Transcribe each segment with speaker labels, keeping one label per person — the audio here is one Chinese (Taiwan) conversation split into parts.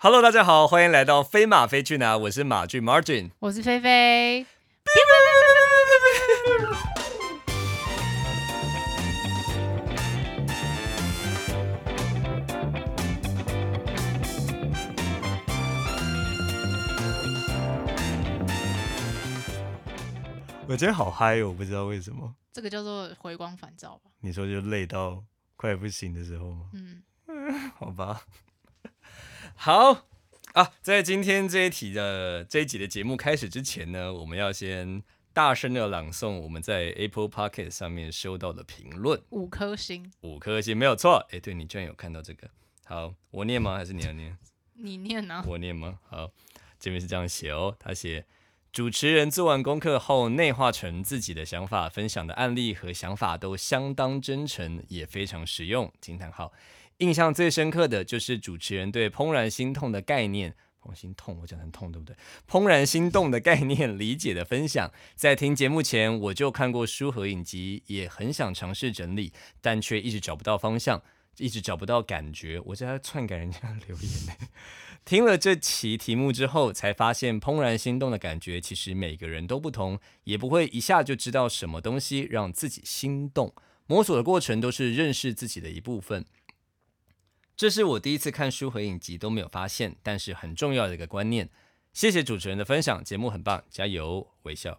Speaker 1: Hello，大家好，歡迎來到飛馬飛去啊！我是馬夋 Margin，
Speaker 2: 我是菲菲。我覺
Speaker 1: 得好嗨哦，我不知道為什麼。
Speaker 2: 這個叫做回光返照吧？
Speaker 1: 你說就累到快不行的時候嗎？
Speaker 2: 嗯，
Speaker 1: 好吧。好啊，在今天這一題的這一集的節目開始之前呢，我們要先大聲的朗誦我們在 Apple Podcast 上面收到的評論。
Speaker 2: 五顆星，五
Speaker 1: 顆星，沒有錯。哎、欸，對你居然有看到這個？好，我念嗎？還是你要念？
Speaker 2: 你念啊？我
Speaker 1: 念嗎？好，這邊是這樣寫哦。他寫，主持人做完功課後內化成自己的想法，分享的案例和想法都相當真誠，也非常實用。驚嘆號。印象最深刻的就是主持人對“怦然心痛”的概念，怦心痛，我講很痛對不對？“怦然心動”的概念理解的分享，在聽節目前我就看過書和影集，也很想嘗試整理，但卻一直找不到方向，一直找不到感覺。我在篡改人家的留言呢。聽了這期題目之後，才發現“怦然心動”的感覺其實每個人都不同，也不會一下就知道什麼東西讓自己心動。摸索的過程都是認識自己的一部分。這是我第一次看書和影集都沒有發現，但是很重要的一個觀念。謝謝主持人的分享，節目很棒，加油，微笑。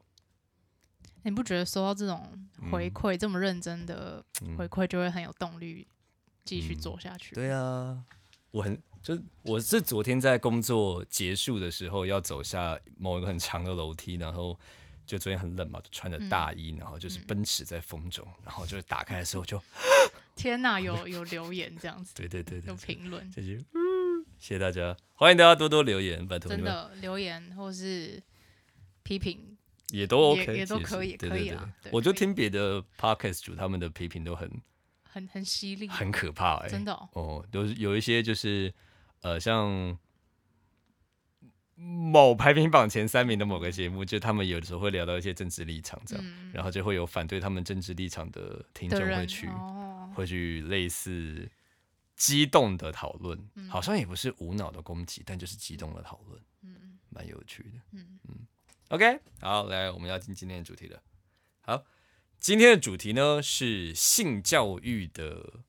Speaker 2: 你不覺得收到這種回饋、嗯，這麼認真的回饋、嗯，就會很有動力繼續做下去？嗯、對
Speaker 1: 啊，我很就是我是昨天在工作結束的時候，要走下某一個很長的樓梯，然後就昨天很冷嘛，就穿着大衣，嗯、然後就是奔馳在風中，嗯嗯、然後就是打開的時候就。
Speaker 2: 天吶，有有留言這樣子， 對，對對對對，有評論，
Speaker 1: 謝謝，謝謝大家，歡迎大家多多留言，拜託真的
Speaker 2: 留言或是批評
Speaker 1: 也都 OK，也，也都可以，對對對可以啊對。我就聽別的 Podcast 主他們的批評都很
Speaker 2: 很很犀利，很可怕、欸，真
Speaker 1: 的哦？哦有有一些就是呃，像某排名榜前三名的某個節目，嗯、就他們有的時候會聊到一些政治立場這樣、嗯，然後就會有反對他們政治立場的聽眾會去。會去類似激動的討論，好像也不是無腦的攻擊，但就是激動的討論，嗯，蠻有趣的，嗯，OK，好，來，我們要進今天的主題了。好，今天的主題呢是性教育的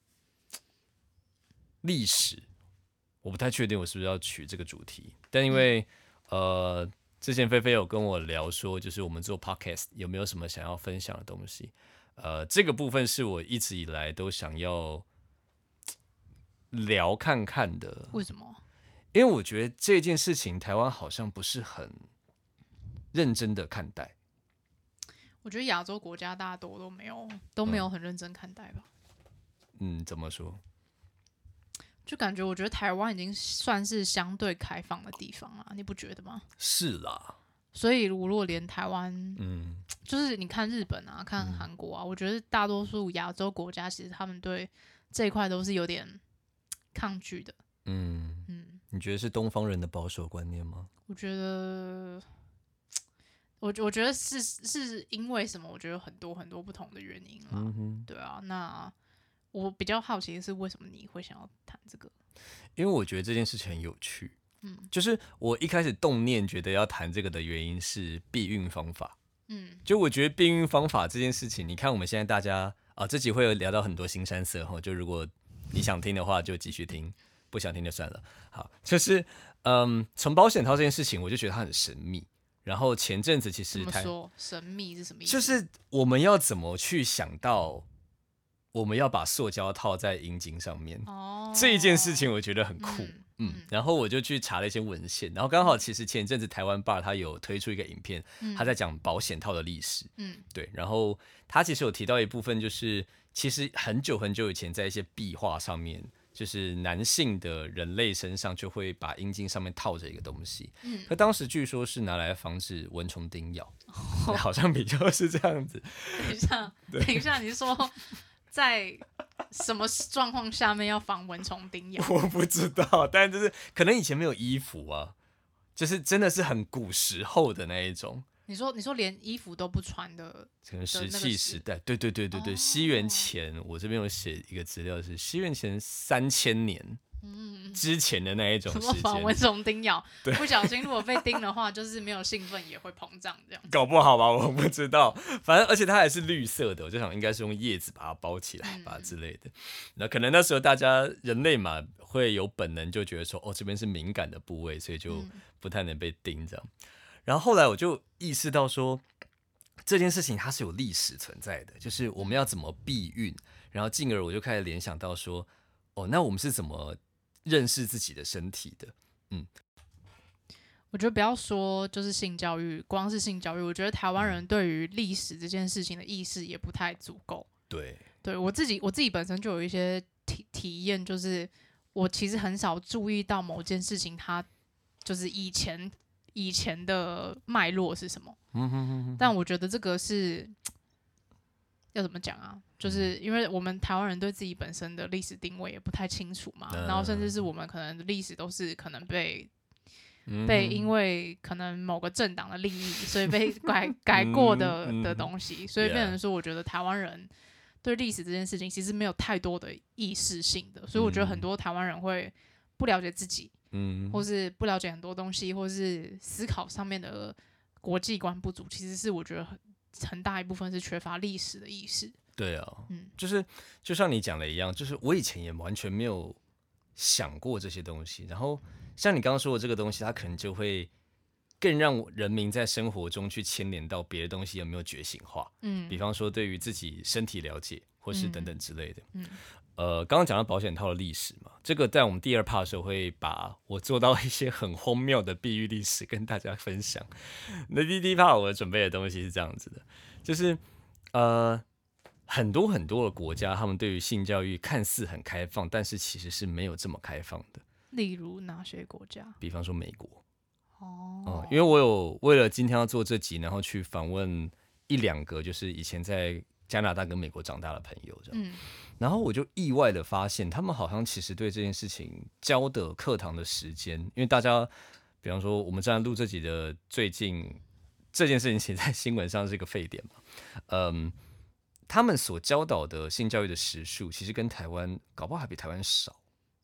Speaker 1: 歷史，我不太確定我是不是要取這個主題，但因為、嗯、呃，之前菲菲有跟我聊說，就是我們做 podcast 有沒有什麼想要分享的東西。呃，這個部分是我一直以來都想要聊看看的。為什麼？因為我覺得這件事情台灣好像不是很認真的看待。
Speaker 2: 我覺得亞洲國家大多都沒有，都沒有很認真看待吧。
Speaker 1: 嗯，怎麼說？
Speaker 2: 就感覺我覺得台灣已經算是相對開放的地方了，你不覺得嗎？
Speaker 1: 是啦。
Speaker 2: 所以，如果連台灣，嗯，就是你看日本啊，看韓國啊，嗯，我覺得大多數亞洲國家其實他們對這一塊都是有點抗拒的，
Speaker 1: 嗯嗯。你覺得是東方人的保守觀念嗎？
Speaker 2: 我覺得，我我覺得是是因為什麼？我覺得很多很多不同的原因啦。嗯哼，對啊，那我比較好奇的是，為什麼你會想要談這個？
Speaker 1: 因為我覺得這件事情很有趣。嗯，就是我一開始動念覺得要談這個的原因是避孕方法，
Speaker 3: 嗯，
Speaker 1: 就我覺得避孕方法這件事情，你看我們現在大家啊，這集會有聊到很多腥羶色哈，就如果你想聽的話就繼續聽，不想聽就算了。好，就是嗯，從、呃、保險套這件事情，我就覺得它很神秘。然後前陣子其實它怎麼說
Speaker 2: 神秘是什麼意思？就是
Speaker 1: 我們要怎麼去想到我們要把塑膠套在陰莖上面哦，這一件事情我覺得很酷。嗯嗯，然後我就去查了一些文獻，然後剛好其實前陣子台灣吧他有推出一個影片，嗯、他在講保險套的歷史。嗯，對，然後他其實有提到一部分，就是其實很久很久以前，在一些壁畫上面，就是男性的人類身上就會把陰莖上面套着一個東西，嗯，可當時據說是拿來防止蚊蟲叮咬、哦， 好像比較是這樣子。等一下，對
Speaker 2: 等一下，你說。在什麼狀況下面要防蚊蟲叮咬？我不知
Speaker 1: 道，但就是可能以前沒有衣服啊，就是真的是很古時候的那一種。
Speaker 2: 你說，你說連衣服都不穿的，可能石器時代，時代？對對對對對，
Speaker 1: 哦、西元前。我這邊有寫一個資料是西元前三千年。嗯，之前的那一種什麼防蚊蟲叮咬，對，不
Speaker 2: 小心如果被叮的話，就是沒有興奮也會膨脹這樣。
Speaker 1: 搞不好吧，我不知道，反正而且它還是綠色的，我就想應該是用葉子把它包起來吧之類的。嗯、那可能那時候大家人類嘛會有本能就覺得說，哦，這邊是敏感的部位，所以就不太能被叮這樣。嗯、然後後來我就意識到說這件事情它是有歷史存在的，就是我們要怎麼避孕，然後進而我就開始聯想到說，哦，那我們是怎麼。認識自己的身體的，嗯，
Speaker 2: 我覺得不要說就是性教育，光是性教育，我覺得台灣人對於歷史這件事情的意識也不太足夠。對，對，我自己我自己本身就有一些體體驗，就是我其實很少注意到某件事情，它就是以前以前的脈絡是什麼。嗯哼哼哼。但我覺得這個是要怎麼講啊？就是因為我們台灣人對自己本身的歷史定位也不太清楚嘛，然後甚至是我們可能歷史都是可能被被因為可能某個政黨的利益，所以被改改過的的東西，所以變成說，我覺得台灣人對歷史這件事情其實沒有太多的意識性的，所以我覺得很多台灣人會不了解自己，或是不了解很多東西，或是思考上面的國際觀不足，其實是我覺得很大一部分是缺乏歷史的意識。
Speaker 1: 對哦，嗯，就是就像你講的一樣，就是我以前也完全沒有想過這些東西。然後像你剛剛說的這個東西，它可能就會更讓人民在生活中去牽連到別的東西有沒有覺醒化，嗯，比方說對於自己身體了解，或是等等之類的，嗯，嗯呃，剛剛講到保險套的歷史嘛，這個在我們第二趴的時候會把我做到一些很荒謬的避孕歷史跟大家分享。那第一趴我準備的東西是這樣子的，就是呃。很多很多的國家，他們對於性教育看似很開放，但是其實是沒有這麼開放的。
Speaker 2: 例如哪些國家？
Speaker 1: 比方說美國。
Speaker 2: 哦，因
Speaker 1: 為我有為了今天要做這集，然後去訪問一兩個，就是以前在加拿大跟美國長大的朋友這
Speaker 3: 樣，樣、
Speaker 1: 嗯、然後我就意外的發現，他們好像其實對這件事情教的課堂的時間，因為大家，比方說我們正在錄這集的最近這件事情，其實在新聞上是一個沸點嘛，嗯。他們所教導的性教育的時數，其實跟台灣搞不好還比台灣少。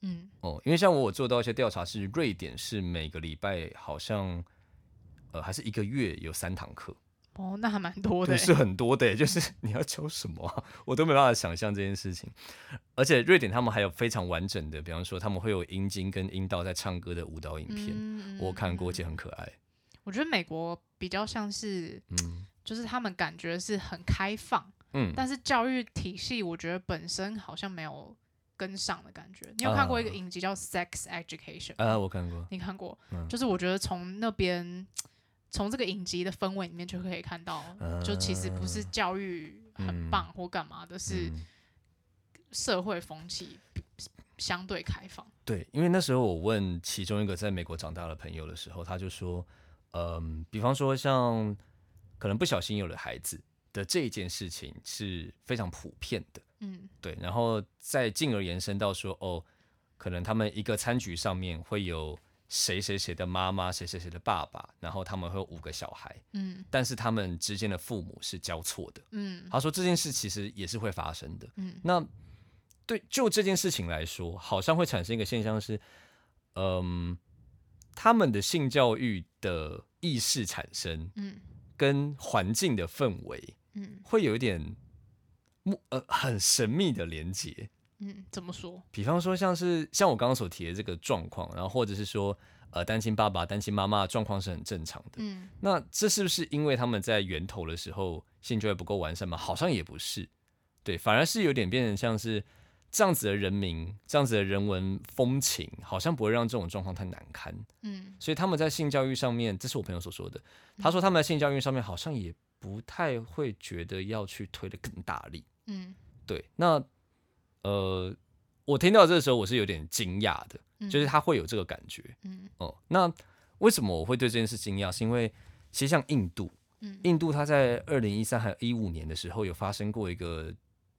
Speaker 1: 嗯哦，因為像我我做到一些調查，是瑞典是每個禮拜好像呃還是一個月有三堂課。
Speaker 2: 哦，那還蠻多的。就是很
Speaker 1: 多的，就是、嗯、你要教什麼、啊，我都沒辦法想象這件事情。而且瑞典他們還有非常完整的，比方說他們會有陰莖跟陰道在唱歌的舞蹈影片，嗯、我看過其實很可愛。
Speaker 2: 我覺得美國比較像是，嗯、就是他們感覺是很開放。嗯，但是教育體系我覺得本身好像沒有跟上的感覺。你有看過一個影集叫《Sex Education》？啊，我看過。你看過？嗯，就是我覺得從那邊，從這個影集的氛圍裡面就可以看到，就其實不是教育很棒或幹嘛的，嗯，都是社會風氣相對開放。
Speaker 1: 對，因為那時候我問其中一個在美國長大的朋友的時候，他就說，嗯，呃，比方說像可能不小心有了孩子。的這一件事情是非常普遍的，嗯，對，然後再進而延伸到說，哦，可能他們一個餐局上面會有誰誰誰的媽媽，誰誰誰的爸爸，然後他們會有五個小孩，嗯，但是他們之間的父母是交錯的，嗯，他說這件事其實也是會發生的，嗯，那對就這件事情來說，好像會產生一個現象是，嗯、呃，他們的性教育的意識產生，嗯，跟環境的氛圍。嗯，會有一點，呃，很神秘的連接。嗯，
Speaker 2: 怎麼說？
Speaker 1: 比方說，像是像我剛剛所提的這個狀況，然後或者是說，呃，單親爸爸、單親媽媽的狀況是很正常的。嗯，那這是不是因為他們在源頭的時候性教育不夠完善嘛？好像也不是，對，反而是有點變成像是這樣子的人民，這樣子的人文風情，好像不會讓這種狀況太難堪。嗯，所以他們在性教育上面，這是我朋友所說的，他說他們在性教育上面好像也不太會覺得要去推得更大力，嗯，對。那呃，我聽到這個時候我是有點驚訝的，嗯，就是他會有這個感覺，嗯哦、嗯。那為什麼我會對這件事驚訝？是因為其實像印度，嗯，印度它在二零一三還有一五年的時候有發生過一個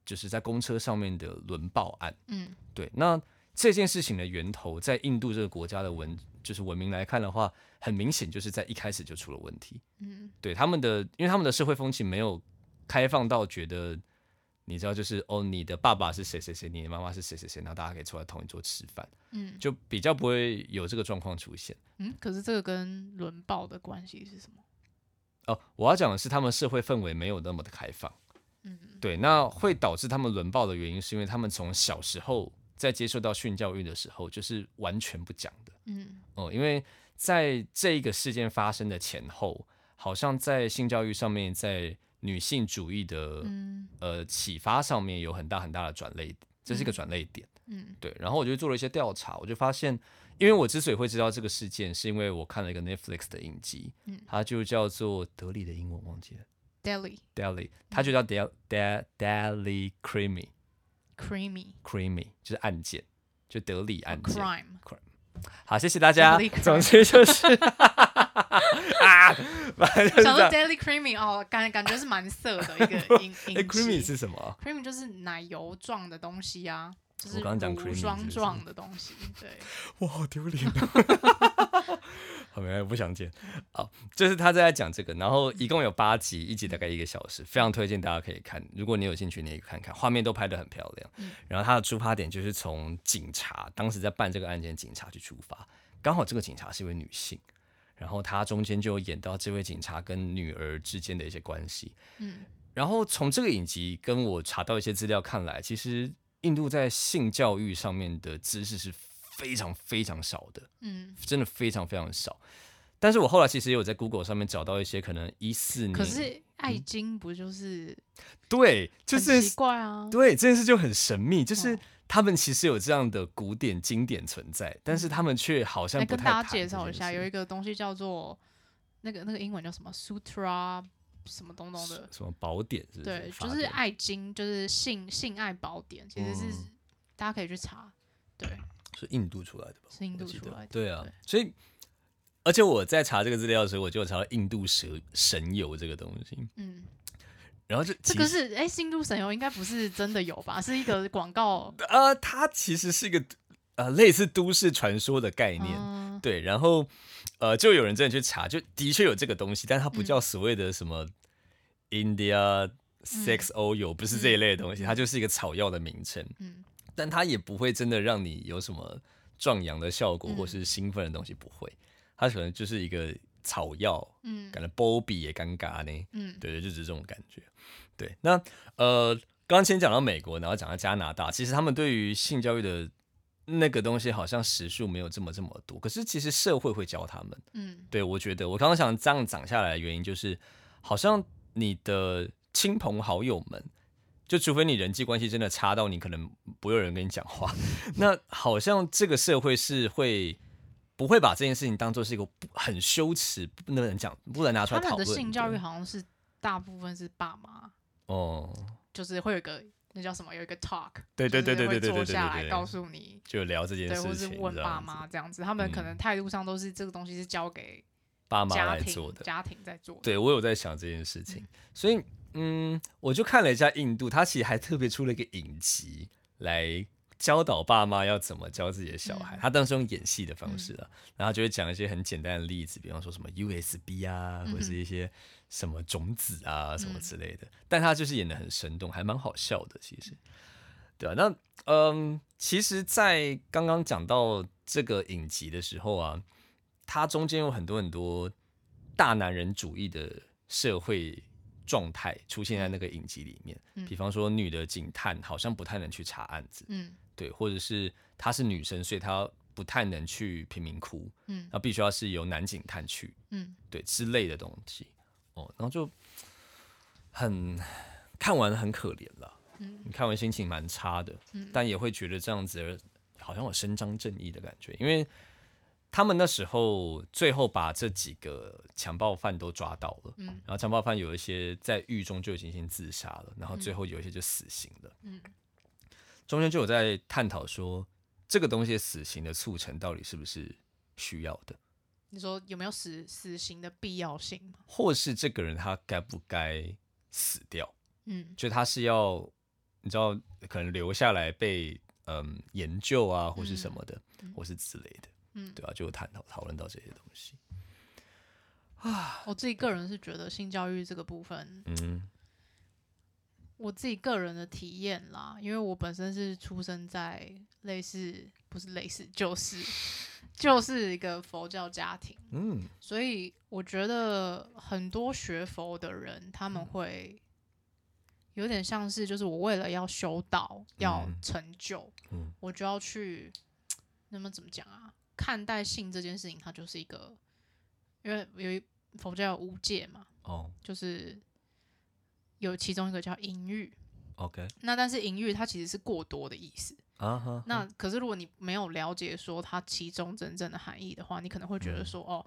Speaker 1: 就是在公車上面的輪暴案，嗯，對。那這件事情的源頭在印度這個國家的文，就是文明來看的話。很明顯就是在一開始就出了問題。嗯，對他們的，因為他們的社會風氣沒有開放到，覺得你知道，就是哦，你的爸爸是誰誰誰，你的媽媽是誰誰誰，然後大家可以出來同一桌吃飯。嗯，就比較不會有這個狀況出現。嗯，
Speaker 2: 可是這個跟輪暴的關係是什麼？
Speaker 1: 哦，我要講的是，他們社會氛圍沒有那麼的開放。嗯，對，那會導致他們輪暴的原因，是因為他們從小時候在接受到性教育的時候，就是完全不講的。嗯，哦、嗯，因為。在這一個事件發生的前後，好像在性教育上面，在女性主義的、嗯、呃啟發上面，有很大很大的轉捩。這是一個轉捩點。嗯。嗯，對。然後我就做了一些調查，我就發現，因為我之所以會知道這個事件，是因為我看了一個 Netflix 的影集，嗯、它就叫做德里的英文忘記了
Speaker 2: Delhi，Delhi
Speaker 1: 他、它就叫、嗯、Del Del Delhi
Speaker 2: Crime，Crime，Crime
Speaker 1: 就是案件，就德里案件。好，謝謝大家。總之就是 啊，就是想說 Daily
Speaker 2: Creamy 哦，感感覺是蠻色的一個音。哎 ，creamy 是什麼？creamy 就是奶油狀的東西啊，就是剛剛講乳霜狀的東西。對，哇，好丟臉哦。
Speaker 1: 哦、沒我沒有不想見。好、哦，就是他在講這個，然後一共有八集，一集大概一個小時，非常推薦大家可以看。如果你有興趣，你也可以看看，畫面都拍得很漂亮、嗯。然後他的出發點就是從警察當時在辦這個案件，警察去出發，剛好這個警察是一位女性，然後他中間就演到這位警察跟女兒之間的一些關係。嗯。然後從這個影集跟我查到一些資料看來，其實印度在性教育上面的知識是。非常非常少的，嗯，真的非常非常少。但是我後來其實也有在 Google 上面找到一些可能一四年，可是
Speaker 2: 愛經不就是、嗯、
Speaker 1: 對，就是很奇怪啊，對這件事就很神秘，就是他們其實有這樣的古典經典存在，但是他們卻好像不太。我、欸、跟大家介紹一下是不是，有一個
Speaker 2: 東西叫做那個那個英文叫什麼 Sutra，什麼東東的，什麼寶典
Speaker 1: 是不是，對，就是
Speaker 2: 愛經，就是性性愛寶典，其實是、嗯、大家可以去查，對。
Speaker 1: 是印度出來的吧？是印度出來的。對啊，對，所以而且我在查這個資料的時候，我就查了印度神神油這個東西。嗯，然後這這個是
Speaker 2: 哎，印、欸、度神油應該不是真的有吧？ 是一個廣告。
Speaker 1: 呃，它其實是一個呃類似都市傳說的概念。嗯、對，然後呃，就有人真的去查，就的確有這個東西，但它不叫所謂的什麼 India Sex Oil，、嗯、不是這一類的東西，嗯、它就是一個草藥的名稱。嗯。但它也不會真的讓你有什麼壯陽的效果，或是興奮的東西，不會、嗯。它可能就是一個草藥，嗯，感覺波比也尷尬呢，嗯，對對，就是這種感覺。對，那呃，剛剛先講到美國，然後講到加拿大，其實他們對於性教育的那個東西，好像時數沒有這麼這麼多，可是其實社會會教他們，嗯，對我覺得，我剛剛想這樣講下來的原因，就是好像你的親朋好友們。就除非你人際關係真的差到你可能不會有人跟你講話，那好像這個社會是會不會把這件事情當做是一個很羞恥，不能講，不能拿出來討論。他們的性教
Speaker 2: 育好像是大部分是爸媽
Speaker 1: 哦，
Speaker 2: 就是會有一個那叫什麼有一個 talk，對對對對對對，對，對，對，對，對，就是，坐下來告訴你，
Speaker 1: 就聊這件事情，或者是問爸媽
Speaker 2: 這樣子，嗯，他們可能態度上都是這個東西是交給家
Speaker 1: 庭爸媽來做的，家庭在做。對我有在想這件事情，嗯，所以。嗯，我就看了一下印度，他其實還特別出了一個影集來教導爸媽要怎麼教自己的小孩。他當時用演戲的方式啊，然後就會講一些很簡單的例子，比方說什麼 USB 啊，或者是一些什麼種子啊什麼之類的。但他就是演得很生動，還蠻好笑的。其實，對啊，那嗯，其實，在剛剛講到這個影集的時候啊，它中間有很多很多大男人主義的社會。狀態出現在那個影集裡面，比方說女的警探好像不太能去查案子，嗯，對，或者是她是女生，所以她不太能去貧民窟，嗯，那必須要是由男警探去，嗯，對之類的東西，哦，然後就很看完很可憐了，嗯，你看完心情蠻差的，但也會覺得這樣子好像有伸張正義的感覺，因為。他們那時候最後把這幾個強暴犯都抓到了，嗯，然後強暴犯有一些在獄中就已經先自殺了，然後最後有一些就死刑了，嗯，中間就有在探討說，這個東西死刑的促成到底是不是需要的？
Speaker 2: 你說有沒有死死刑的必要性？
Speaker 1: 或是這個人他該不該死掉？嗯，就他是要，你知道，可能留下來被嗯、呃、研究啊，或是什麼的，嗯、或是之類的。嗯，對啊，就探討、討論到這些東西
Speaker 2: 啊，我自己個人是覺得性教育這個部分，嗯，我自己個人的體驗啦，因為我本身是出生在類似，不是類似，就是，就是一個佛教家庭，嗯，所以我覺得很多學佛的人，他們會有點像是，就是我為了要修道要成就，嗯，我就要去，那麼怎麼講啊？看待性這件事情，它就是一個，因為有一佛教有五戒嘛，哦、oh.，就是有其中一個叫淫慾，OK，那但是淫慾它其實是過多的意思啊，uh-huh. 那可是如果你沒有了解說它其中真正的含義的話，你可能會覺得說，yeah. 哦，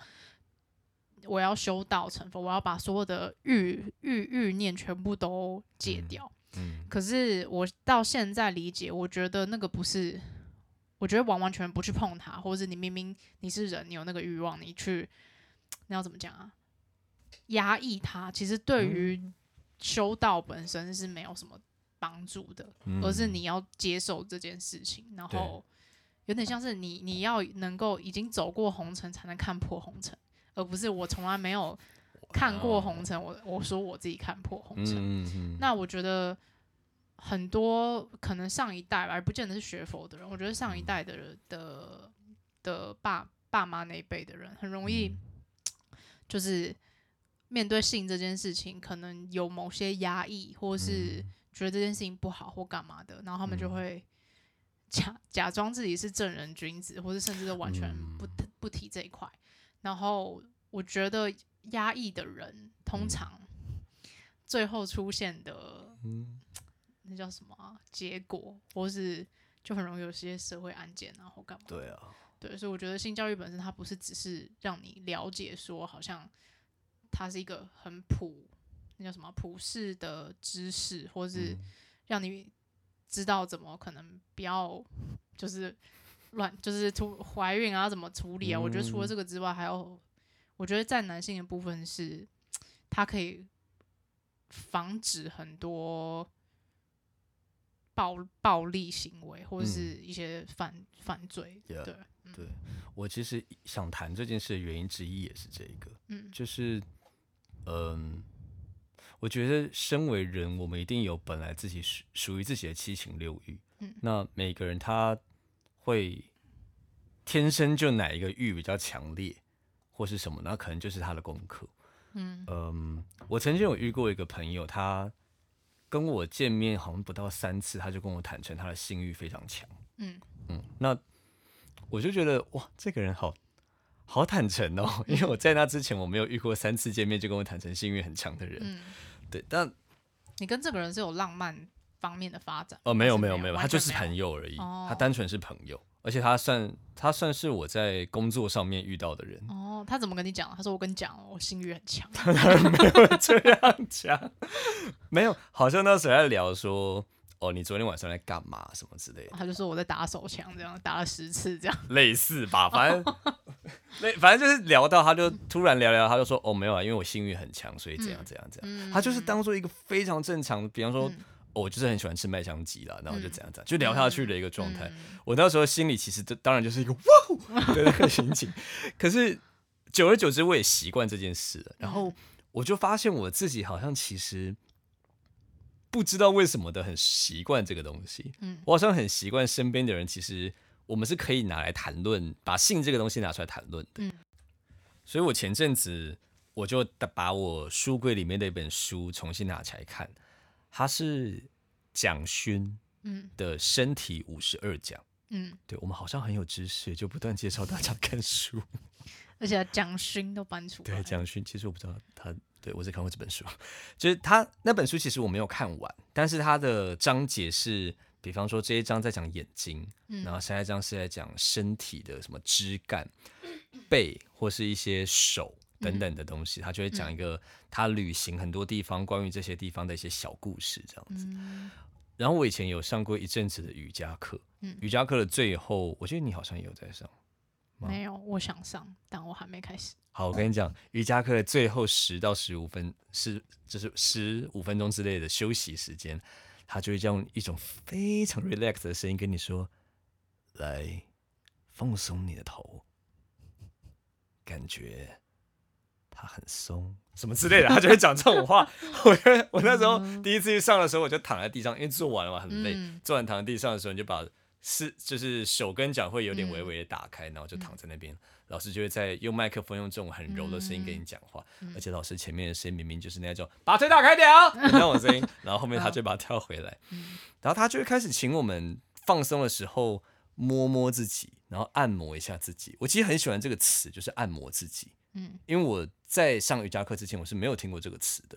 Speaker 2: 我要修道成佛，我要把所有的慾慾慾念全部都戒掉，嗯、mm-hmm.，可是我到現在理解，我覺得那個不是。我覺得完完全不去碰它，或者是你明明你是人，你有那個慾望，你去，你要怎麼講啊？壓抑它，其實對於修道本身是沒有什麼幫助的，嗯，而是你要接受這件事情，然後有點像是你你要能夠已經走過紅塵才能看破紅塵，而不是我從來沒有看過紅塵，我我說我自己看破紅塵，嗯嗯嗯，那我覺得。很多可能上一代吧，而不見得是學佛的人。我覺得上一代的的的爸爸媽那一輩的人，很容易、嗯、就是面對性這件事情，可能有某些壓抑，或是覺得這件事情不好或幹嘛的，然後他們就會假、嗯、假裝自己是正人君子，或者甚至都完全不、嗯、不、不提這一塊。然後我覺得壓抑的人，通常最後出現的。嗯那叫什麼啊，結果，或是就很容易有些社會案件，然後幹嘛？對啊，對，所以我覺得性教育本身它不是只是讓你了解說，好像它是一個很普，那叫什麼啊，普世的知識，或是讓你知道怎麼可能不要就是亂就是處懷孕啊怎麼處理啊、嗯？我覺得除了這個之外，還有我覺得在男性的部分是，它可以防止很多。暴暴力行為或者是一些犯犯、嗯、罪，yeah, 對、
Speaker 1: 嗯、對，我其實想談這件事的原因之一也是這個，嗯，就是，嗯、呃，我覺得身為人，我們一定有本來自己屬屬於自己的七情六欲、嗯，那每個人他會天生就哪一個欲比較強烈，或是什麼，那可能就是他的功課，嗯嗯、呃，我曾經有遇過一個朋友，他。跟我見面好像不到三次，他就跟我坦誠他的性慾非常強。嗯嗯，那我就覺得哇，這個人好好坦誠哦，因為我在那之前我沒有遇過三次見面就跟我坦誠性慾很強的人。
Speaker 2: 嗯，對。但你跟這個人是有浪漫方面的發展？
Speaker 1: 哦，沒有沒有沒有，沒有，他就是朋友而已，哦，他單純是朋友。而且他算他算是我在工作上面遇到的人哦。
Speaker 2: 他怎麼跟你講？他說，我跟你講哦，我性慾很強。他 沒有這樣講，
Speaker 1: 沒有。好像那時候在聊說哦，你昨天晚上在幹
Speaker 2: 嘛什麼之類的。他就說我在打手槍，這樣打了十次這樣。
Speaker 1: 類似吧，反
Speaker 2: 正
Speaker 1: 那 反正就是聊到他就突然聊聊，他就說、嗯、哦沒有啊，因為我性慾很強，所以怎樣怎樣怎樣。嗯、他就是當做一個非常正常的，比方說。嗯哦、我就是很喜歡吃麥香雞啦，然後就怎樣怎樣，就聊下去的一個狀態、嗯。我那時候心裡其實當然就是一個哇哦的那個心情， 可是久而久之，我也習慣這件事了。然後我就發現我自己好像其實不知道為什麼的很習慣這個東西。嗯，我好像很習慣身邊的人，其實我們是可以拿來談論，把性這個東西拿出來談論的、嗯。所以我前陣子我就把我書櫃裡面的一本書重新拿起來看。他是蔣勳的《身體五十二講》，嗯，對，我們好像很有知識，就不斷介紹大家看書，
Speaker 2: 而且蔣勳都搬出來。對，
Speaker 1: 蔣勳其實我不知道他，對我只看過這本書，就是他那本書其實我沒有看完，但是他的章節是，比方說這一章在講眼睛，嗯、然後下一章是在講身體的什麼枝幹、嗯、背或是一些手，等等的東西，他就會講一個他旅行很多地方，關於這些地方的一些小故事這樣子、嗯。然後我以前有上過一陣子的瑜伽課、嗯，瑜伽課的最後，我覺得你好像也有在上。
Speaker 2: 沒有，我想上、嗯，但我還沒開始。
Speaker 1: 好，我跟你講，嗯、瑜伽課的最後十到十五分是就是十五分鐘之類的休息時間，他就會用一種非常 relax 的聲音跟你說：“來放鬆你的頭，感覺。”他很鬆，什麼之類的，他就會講這種話。 我我那時候第一次去上的時候，我就躺在地上，因為做完了嘛，很累。做、嗯、完躺在地上的時候，你就把是就是手跟腳會有點微微的打開，嗯、然後就躺在那邊、嗯。老師就會在用麥克風用這種很柔的聲音跟你講話、嗯，而且老師前面的聲音明明就是那種把腿打開點啊，你看我聲音，然後後面他就把它跳回來。然後他就會開始請我們放鬆的時候摸摸自己，然後按摩一下自己。我其實很喜歡這個詞，就是按摩自己。嗯，因為我。在上瑜伽課之前，我是沒有聽過這個詞的。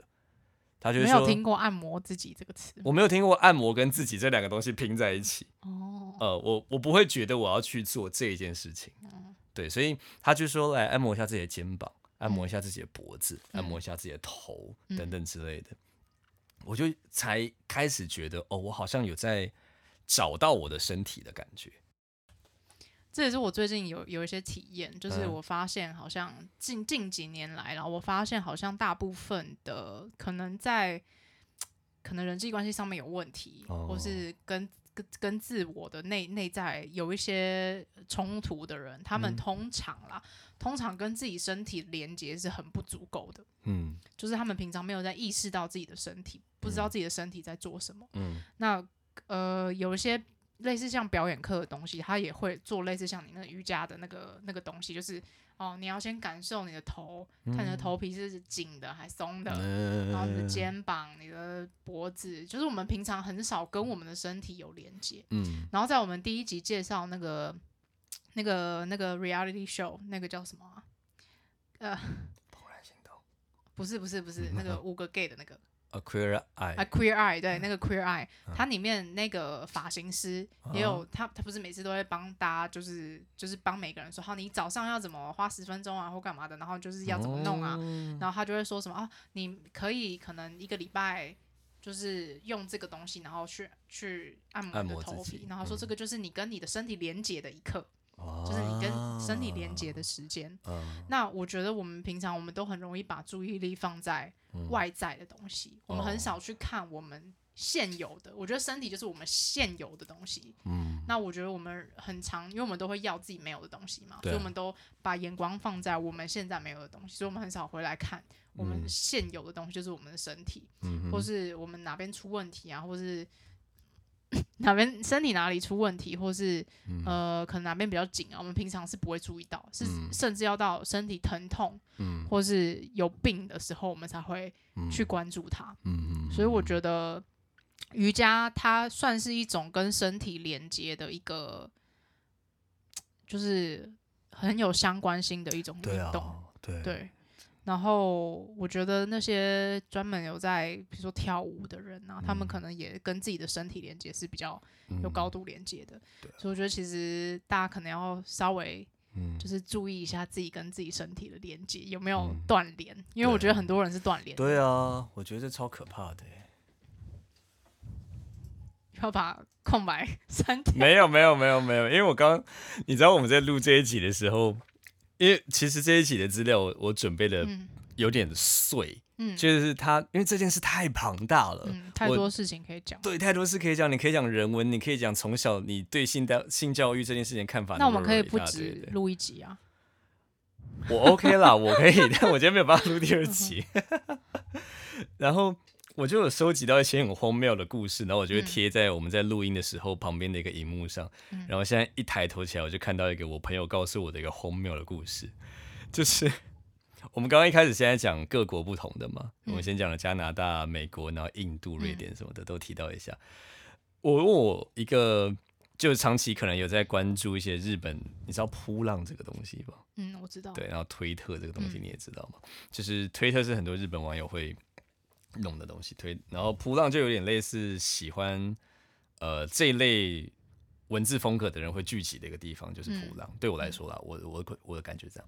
Speaker 1: 他就是說沒有聽
Speaker 2: 過“按摩自己”這個詞，我沒有
Speaker 1: 聽過“按摩”跟“自己”這兩個東西拼在一起。哦，呃，我我不會覺得我要去做這一件事情。嗯，對，所以他就說來按摩一下自己的肩膀，按摩一下自己的脖子，嗯，按摩一下自己的頭等等之類的，嗯。我就才開始覺得，哦，我好像有在找到我的身體的感覺。
Speaker 2: 這也是我最近有有一些體驗，就是我發現好像近、嗯、近、近幾年來，然後我發現好像大部分的可能在，可能人際關係上面有問題，哦、或是跟跟跟自我的內內在有一些衝突的人，他們通常啦、嗯，通常跟自己身體連接是很不足夠的，嗯，就是他們平常沒有在意識到自己的身體，嗯、不知道自己的身體在做什麼，嗯，那呃有一些。類似像表演課的東西，他也會做類似像你那個瑜伽的那個那個東西，就是哦，你要先感受你的頭，看你的頭皮是緊的還是鬆的、嗯，然
Speaker 3: 後你的肩
Speaker 2: 膀、你的脖子，就是我們平常很少跟我們的身體有連接。嗯，然後在我們第一集介紹那個那個那個 reality show，那個叫什麼、啊？呃，怦然
Speaker 3: 心動？
Speaker 2: 不是不是不是，嗯、那個五個 gay 的那個。
Speaker 1: A q u e r Eye，A e r Eye，, eye、嗯、對，那
Speaker 2: 個 q u e e r Eye，、嗯、它裡面那個髮型師也有他，他、哦、不是每次都會幫大家，就是就是幫每個人說，好，你早上要怎麼花十分鐘啊，或幹嘛的，然後就是要怎麼弄啊，哦、然後他就會說什麼，啊，你可以可能一個禮拜就是用這個東西，然後去去按摩你的頭皮，然後說這個就是你跟你的身體連接的一刻。嗯就是你跟身體連接的時間、啊嗯。那我覺得我們平常我們都很容易把注意力放在外在的東西、嗯，我們很少去看我們現有的。我覺得身體就是我們現有的東西。嗯、那我覺得我們很常，因為我們都會要自己沒有的東西嘛、嗯，所以我們都把眼光放在我們現在沒有的東西，所以我們很少回來看我們現有的東西，嗯、就是我們的身體，嗯、或是我們哪邊出問題啊，或是。哪 邊身體哪裡出問題，或是、嗯、呃，可能哪邊比較緊啊？我們平常是不會注意到，嗯、是甚至要到身體疼痛、嗯，或是有病的時候，我們才會去關注它、嗯嗯嗯。所以我覺得瑜伽它算是一種跟身體連接的一個，就是很有相關性的一種運動。對、啊。對啊對然後我覺得那些專門有在，比如說跳舞的人呢、啊嗯，他們可能也跟自己的身體連接是比較有高度連接的。嗯、所以我覺得其實大家可能要稍微，就是注意一下自己跟自己身體的連接、嗯、有沒有斷聯、嗯，因為我覺得很多人是斷聯。對
Speaker 1: 啊，我覺得這超可怕的。
Speaker 2: 要把空白刪
Speaker 1: 掉？ 沒有沒有沒有沒有，因為我剛，你知道我們在錄這一集的時候。因為其實這一期的資料我，我準備的有點碎，嗯、就是它，因為這件事太龐大了，嗯，太多
Speaker 2: 事情可以講，對，太
Speaker 1: 多事可以講。你可以講人文，你可以講從小你對性教性教育這件事情的看法。那我們可以不止
Speaker 2: 錄一、啊嗯、一集啊，我 OK 啦，我可以， 但我今天沒有辦法錄第二集。
Speaker 1: 然後。我就有收集到一些很荒謬的故事，然後我就會貼在我們在錄音的時候旁邊的一個熒幕上、嗯。然後現在一抬頭起來，我就看到一個我朋友告訴我的一個荒謬的故事，就是我們剛剛一開始現在講各國不同的嘛，嗯、我們先講了加拿大、美國，然後印度、瑞典什麼的、嗯、都提到一下。我問我一個，就是長期可能有在關注一些日本，你知道噗浪這個東西吧？嗯，我知道。對，然後推特這個東西你也知道嗎？嗯、就是推特是很多日本網友會。弄的東西推，然後噗浪就有點類似喜歡，呃，這一類文字風格的人會聚集的一個地方，就是噗浪、嗯。對我來說啦，我我我的感覺這樣。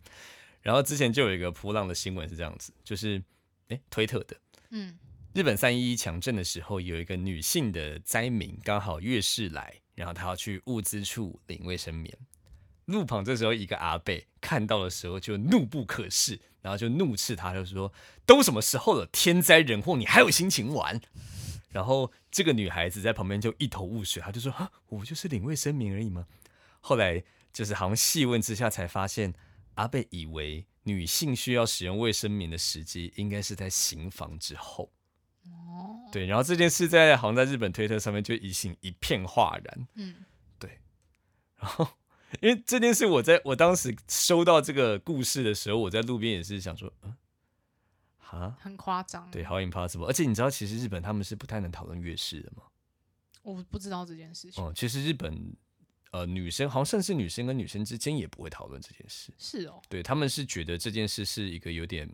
Speaker 1: 然後之前就有一個噗浪的新聞是這樣子，就是誒推特的，嗯，日本三一一強震的時候，有一個女性的災民剛好月事來，然後她要去物資處領衛生棉，路旁這時候一個阿伯看到的時候就怒不可視。然後就怒斥她，就說：“都什麼時候了，天災人禍，你還有心情玩？”然後這個女孩子在旁邊就一頭霧水，她就說：“啊、我不就是領衛生棉而已嗎？”後來就是好像細問之下，才發現阿伯以為女性需要使用衛生棉的時機，應該是在行房之後。對。然後這件事在好像在日本推特上面就引起一片嘩然。對。然後。因為這件事，我在我當時收到這個故事的時候，我在路邊也是想說，嗯、啊，哈，
Speaker 2: 很誇張，對，
Speaker 1: 好 impossible。而且你知道，其實日本他們是不太能討論月事的嗎？
Speaker 2: 我不知道這件事情。哦、嗯，其
Speaker 1: 實日本，呃，女生好像甚至女生跟女生之間也不會討論這件事，是哦，對，他們是覺得這件事是一個有點，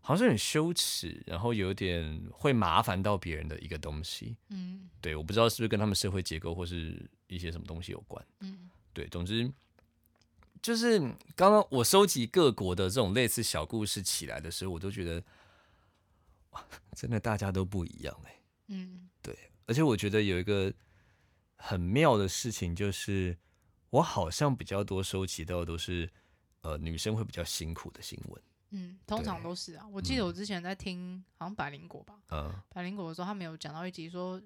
Speaker 1: 好像是很羞恥，然後有點會麻煩到別人的一個東西，嗯，對，我不知道是不是跟他們社會結構或是一些什麼東西有關，嗯。對，總之就是剛剛我收集各國的這種類似小故事起來的時候，我都覺得，真的大家都不一樣哎。嗯，對，而且我覺得有一個很妙的事情，就是我好像比較多收集到的都是呃女生會比較辛苦的新聞。嗯，
Speaker 2: 通常都是啊。我記得我之前在聽好像百靈果吧，嗯，百靈果的時候，他們有講到一集說。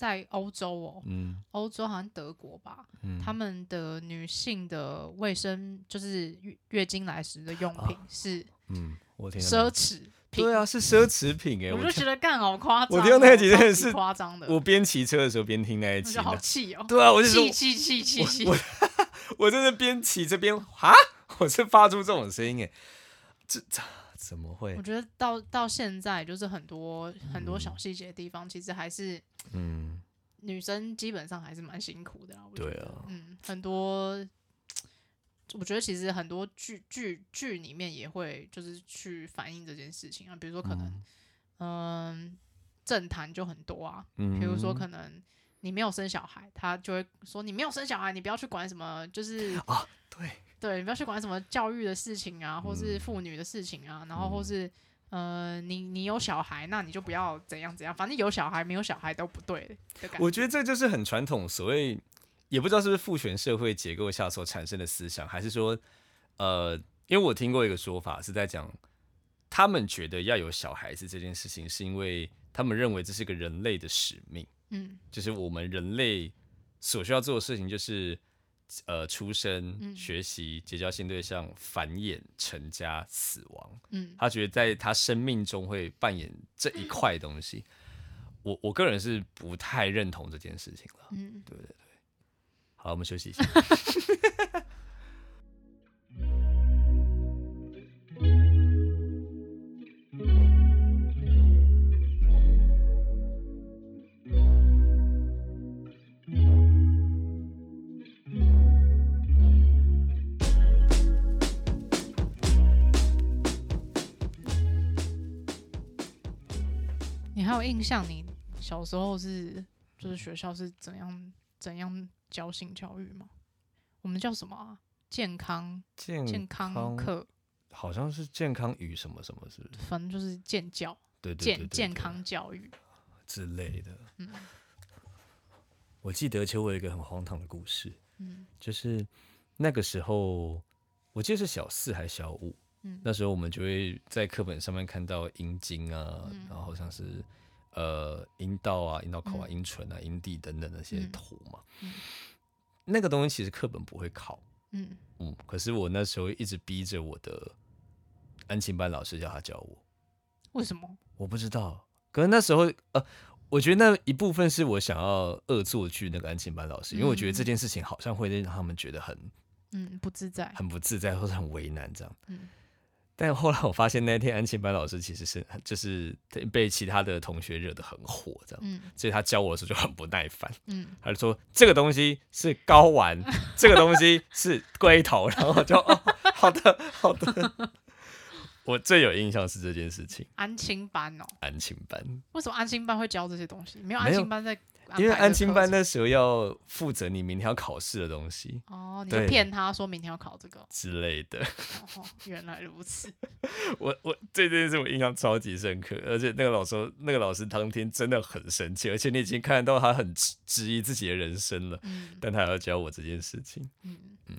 Speaker 2: 在歐洲哦，歐、嗯、歐洲好像德國吧，嗯、他們的女性的衛生就是月經來時的用品是奢侈品，啊，嗯，我聽奢侈品，對啊，是奢
Speaker 1: 侈品哎，嗯，我就覺得幹好誇張，我聽那幾段是誇張的，我邊騎車的時候邊聽那一集，好
Speaker 2: 氣哦，對啊，我就氣氣氣氣氣，我
Speaker 1: 我在這邊騎着邊哈，我是發出這種聲音哎，這。怎麼會？我
Speaker 2: 覺得到到現在，就是很多很多小細節的地方、嗯，其實還是嗯，女生基本上還是蠻辛苦的啊，我覺得對啊、哦，嗯，很多，我覺得其實很多劇劇劇裡面也會就是去反映這件事情啊。比如說可能嗯，呃、政壇就很多啊嗯嗯，比如說可能你沒有生小孩，他就會說你沒有生小孩，你不要去管什麼，就是啊、哦，對。對，你不要去管什麼教育的事情啊，或是婦女的事情啊，嗯、然後或是呃，你你有小孩，那你就不要怎樣怎樣，反正有小孩沒有小孩都不對的的感覺。我覺
Speaker 1: 得這就是很傳統，所謂也不知道是不是父權社會結構下所產生的思想，還是說呃，因為我聽過一個說法是在講，他們覺得要有小孩子這件事情，是因為他們認為這是個人類的使命，嗯，就是我們人類所需要做的事情就是。呃，出生、學習、結交新對象、繁衍、成家、死亡。嗯，他覺得在他生命中會扮演這一塊東西，嗯，我我個人是不太認同這件事情了，嗯，對對對，好，我們休息一下。
Speaker 2: 像你小時候是就是學校是怎樣怎樣教性教育嗎？我們叫什麼啊？健康健健康課，
Speaker 1: 好像是健康與什麼什麼是不是？
Speaker 2: 反正就是健教，對對對，對，對，對，對，健健康教育
Speaker 1: 之類的。
Speaker 2: 嗯，
Speaker 1: 我記得其實我有一個很荒唐的故事，嗯，就是那個時候我記得是小四還是小五，嗯，那時候我們就會在課本上面看到陰莖啊、嗯，然後好像是。呃，陰道啊，陰道口啊，陰唇啊，陰、嗯、蒂等等那些圖嘛，嗯嗯、那個東西其實課本不會考，嗯嗯。可是我那時候一直逼着我的安親班老師叫他教我，
Speaker 2: 為什麼？
Speaker 1: 我不知道。可是那時候，呃，我覺得那一部分是我想要惡作劇那個安親班老師、嗯，因為我覺得這件事情好像會讓他們覺得很，嗯，
Speaker 2: 不自在，
Speaker 1: 很不自在，或者很為難這樣，嗯。但後來我發現那天安親班老師其實是就是被其他的同學惹得很火的，嗯，所以他教我的時候就很不耐煩，嗯，他就說這個東西是睾丸，這個東西是龜、嗯這個、頭， 然後我就哦，好的好的， 我最有印象是這件事情，
Speaker 2: 安親班哦，
Speaker 1: 安親班，
Speaker 2: 為什麼安親班會教這些東西？沒有安親班在。因為安親
Speaker 1: 班那時候要負責你明天要考試的東西，的東西哦，你騙
Speaker 2: 他說明天要考這個
Speaker 1: 之類的、
Speaker 2: 哦。原來如此，
Speaker 1: 我我對這件事我印象超級深刻，而且那個老師那個老師當天真的很生氣，而且你已經看到他很質疑自己的人生了。嗯、但他還要教我這件事情。嗯嗯，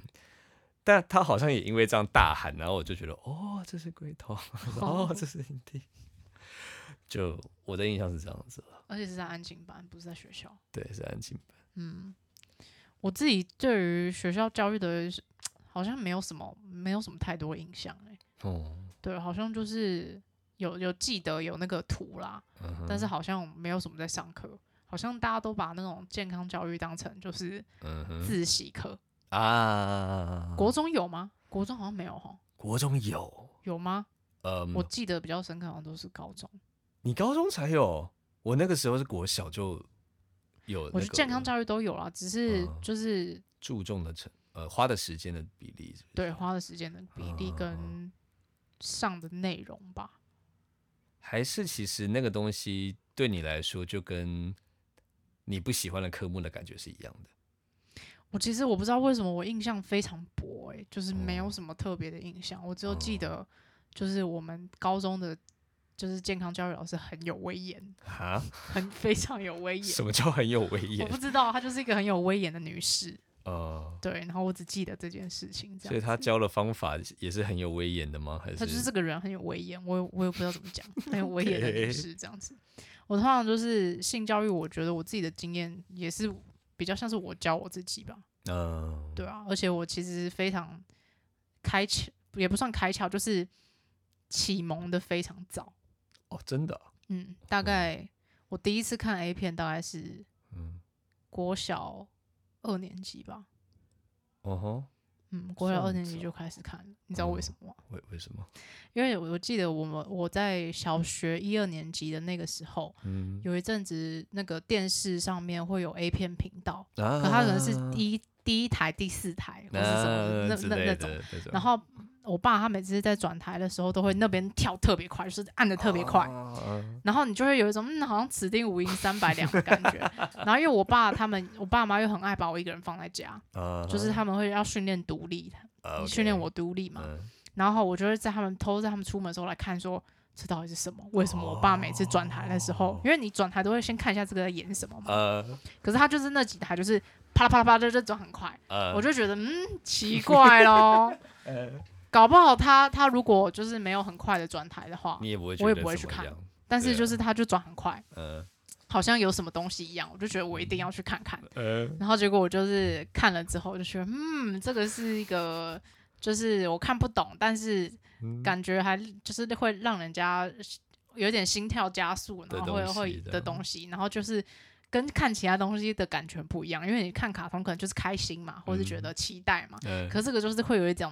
Speaker 1: 但他好像也因為這樣大喊，然後我就覺得哦，這是鬼頭，哦，哦這是你弟。就我的印象是這樣子，而
Speaker 2: 且是在安親班，不是在學校。
Speaker 1: 對，是安親班。
Speaker 2: 嗯，我自己對於學校教育的好像沒有什麼，沒有什麼太多印象哎。哦、嗯，對，好像就是有有記得有那個圖啦、嗯，但是好像沒有什麼在上課，好像大家都把那種健康教育當成就是自習課、嗯、
Speaker 1: 啊。國
Speaker 2: 中有嗎？國中好像沒有哈。
Speaker 1: 國中有有嗎？嗯，我
Speaker 2: 記得比較深刻，好像都是高中。你高中
Speaker 1: 才有，我那個時候是國小就有、那個，我覺得健
Speaker 2: 康教育都有啦，只是就是、嗯、
Speaker 1: 注重的成呃，花的時間的比例是不
Speaker 2: 是，對，花的時間的比例跟上的內容吧、嗯嗯嗯。
Speaker 1: 還是其實那個東西對你來說，就跟你不喜歡的科目的感覺是一樣的。
Speaker 2: 我其實我不知道為什麼我印象非常薄、欸，哎，就是沒有什麼特別的印象，嗯，我只有記得就是我們高中的。就是健康教育老師很有威嚴哈，很非常有威嚴。什麼
Speaker 1: 叫很有威嚴？ 我不知
Speaker 2: 道，她就是一個很有威嚴的女士。哦，對，然後我只記得這件事情，這樣。所以她
Speaker 1: 教的方法也是很有威嚴的嗎？還是？她就是這個
Speaker 2: 人很有威嚴，我也我也不知道怎麼講， 很有威嚴的女士這樣子。我通常就是性教育，我覺得我自己的經驗也是比較像是我教我自己吧。嗯、
Speaker 1: 哦，
Speaker 2: 對啊，而且我其實非常開竅，也不算開竅，就是啟蒙的非常早。
Speaker 1: 哦，真的、啊。
Speaker 2: 嗯，大概、嗯、我第一次看 A 片大概是，嗯，國小二年級吧。哦、嗯、吼、嗯嗯。嗯，國小二年級就開始看了、嗯，你知道為什麼嗎？為為什麼？因為我記得我們我在小學一二、嗯、年級的那個時候，嗯、有一陣子那個電視上面會有 A 片頻道，嗯、可它可能是第、啊、第一台、第四台或是什麼、啊、那那那種對對對對，然後。我爸他每次在轉台的時候，都會那邊跳特別快，就是按得特別快，uh, um, 然後你就會有一種嗯，好像此地無銀三百兩的感覺。 然後因為我爸他們，我爸媽又很愛把我一個人放在家，uh, uh, 就是他們會要訓練獨立的，訓、uh, 練、okay, uh, 我獨立嘛。Uh, 然後我就會在他們偷在他們出門的時候來看說，說這到底是什麼？為什麼我爸每次轉台的時候，uh, uh, uh, 因為你轉台都會先看一下這個在演什麼
Speaker 1: 嘛。
Speaker 2: Uh, 可是他就是那幾台，就是啪啦啪啦啪的就轉很快，uh, 我就覺得嗯奇怪咯。 uh, 搞不好他他如果就是沒有很快的轉台的話，我也不會去看。但是就是他就轉很快，啊，好像有什麼東西一樣，我就覺得我一定要去看看。嗯、然後結果我就是看了之後，就覺得嗯，嗯，這個是一個就是我看不懂，但是感覺還就是會讓人家有點心跳加速，然後會會的東西，嗯、然後就是跟看其他東西的感覺不一樣。因為你看卡通可能就是開心嘛，或是覺得期待嘛，嗯嗯、可是這個就是會有一種。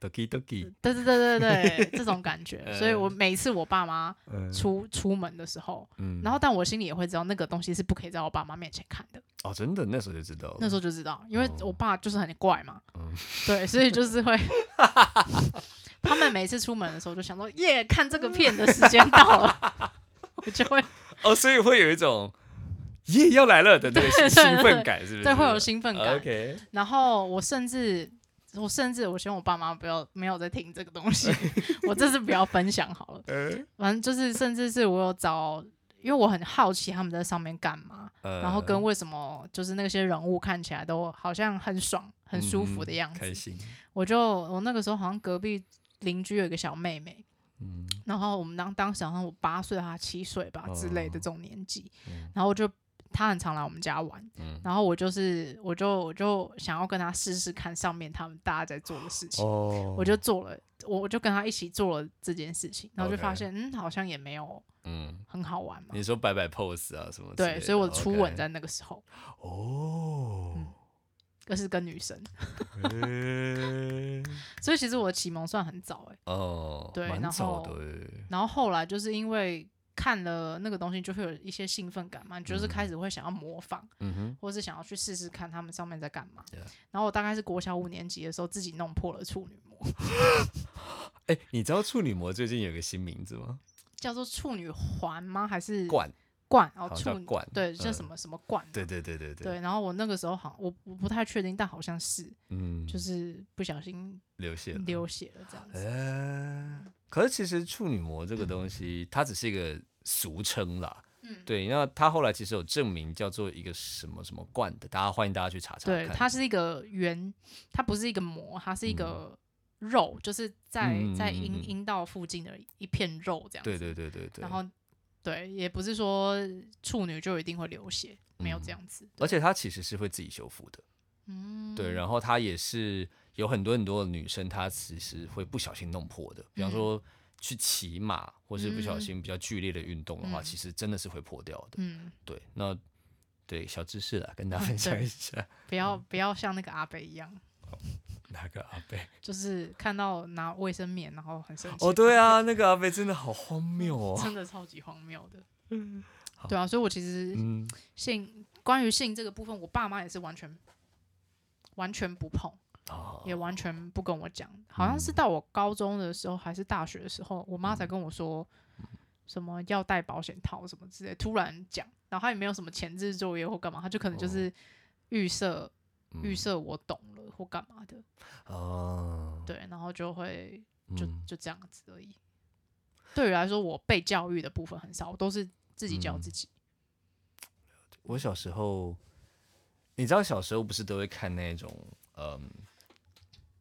Speaker 2: ドキドキ對對對對對， 這種感覺，嗯、所以我每一次我爸媽出、嗯、出門的時候，然後但我心裡也會知道那個東西是不可以在我爸媽面前看的。
Speaker 1: 哦，真的，那時候就知道，那
Speaker 2: 時候就知道，因為我爸就是很怪嘛，哦、對，所以就是會， 他們每次出門的時候就想說：“耶、 yeah,，看這個片的時間到了。 ”我
Speaker 1: 就會哦，所以會有一種“耶、yeah,，要來了”的對，對，對，對，對那種興奮感，是不是？對，會有興奮感。OK，
Speaker 2: 然後我甚至。我甚至我希望我爸媽不要沒有在聽這個東西， 我這次不要分享好了。 呃、反正就是，甚至是我有找，因為我很好奇他們在上面幹嘛、呃，然後跟為什麼就是那些人物看起來都好像很爽、很舒服的樣子。嗯、開心、我就我那個時候好像隔壁鄰居有一個小妹妹，嗯，然後我們當當時好像我八歲，她七歲吧之類的這種年紀、哦，然後我就。他很常來我們家玩，嗯，然後我就是，我就，我就想要跟他試試看上面他們大家在做的事情，哦，我就做了，我就跟他一起做了這件事情，然後就發現，Okay. 嗯，好像也沒有，嗯，很好玩
Speaker 1: 嘛，嗯。你說擺擺 pose 啊什麼的？對，所以我初吻在那個
Speaker 2: 時候。哦，那，嗯，是跟女生。欸， 所以其實我的啟蒙算很早哎，
Speaker 3: 欸。哦對。蠻早的。對，然後，
Speaker 2: 然後後來就是因為。看了那個東西就會有一些興奮感嘛，你就是開始會想要模仿，嗯、哼或者是想要去試試看他們上面在幹嘛。對，然後我大概是國小五年級的時候自己弄破了處女膜。
Speaker 1: 哎、 欸，你知道處女膜最近有個新名字嗎？
Speaker 2: 叫做處女環嗎？還是管？冠，然後處女是冠，對，叫什麼、嗯、什麼冠、啊，對對對對對，對。然後我那個時候好像，我不太確定、嗯，但好像是，就是不小心流血了，流血了、嗯、這樣
Speaker 1: 子、欸。可是其實處女膜這個東西、嗯，它只是一個俗稱啦。嗯。對，然後它後來其實有證明叫做一個什麼什麼冠的，大家歡迎大家去
Speaker 2: 查查。對，它是一個圓、嗯，它不是一個膜，它是一個肉，嗯、就是在、嗯、在陰陰道附近的一片肉這樣子。對對對對對。然後。對，也不是說處女就一定會流血，嗯、沒有這樣子。
Speaker 1: 而且它其實是會自己修復的，嗯。
Speaker 2: 對，然
Speaker 1: 後它也是有很多很多的女生，她其實會不小心弄破的、嗯。比方說去騎馬，或是不小心比較劇烈的運動的話，嗯、其實真的是會破掉的。嗯，對。那對，小知識啦，跟大家分享一下，
Speaker 2: 不要不要像那個阿北一樣。 哪個阿伯，就是看到拿衛生棉，然後很生氣。哦，對
Speaker 1: 啊對，那個阿伯真的好荒謬哦、喔，真
Speaker 2: 的超級荒謬的。嗯， 對啊，所以我其實性、嗯，關於性這個部分，我爸媽也是完全完全不碰、哦，也完全不跟我講。好像是到我高中的時候還是大學的時候，嗯、我媽才跟我說什麼要戴保險套什麼之類，突然講，然後他也沒有什麼前置作業或幹嘛，他就可能就是預設預設我懂了。或幹嘛的哦，oh, 對，然後就會就、嗯、就這樣子而已。對於來說，我被教育的部分很少，我都是自己教自己。
Speaker 1: 嗯、我小時候，你知道小時候不是都會看那種嗯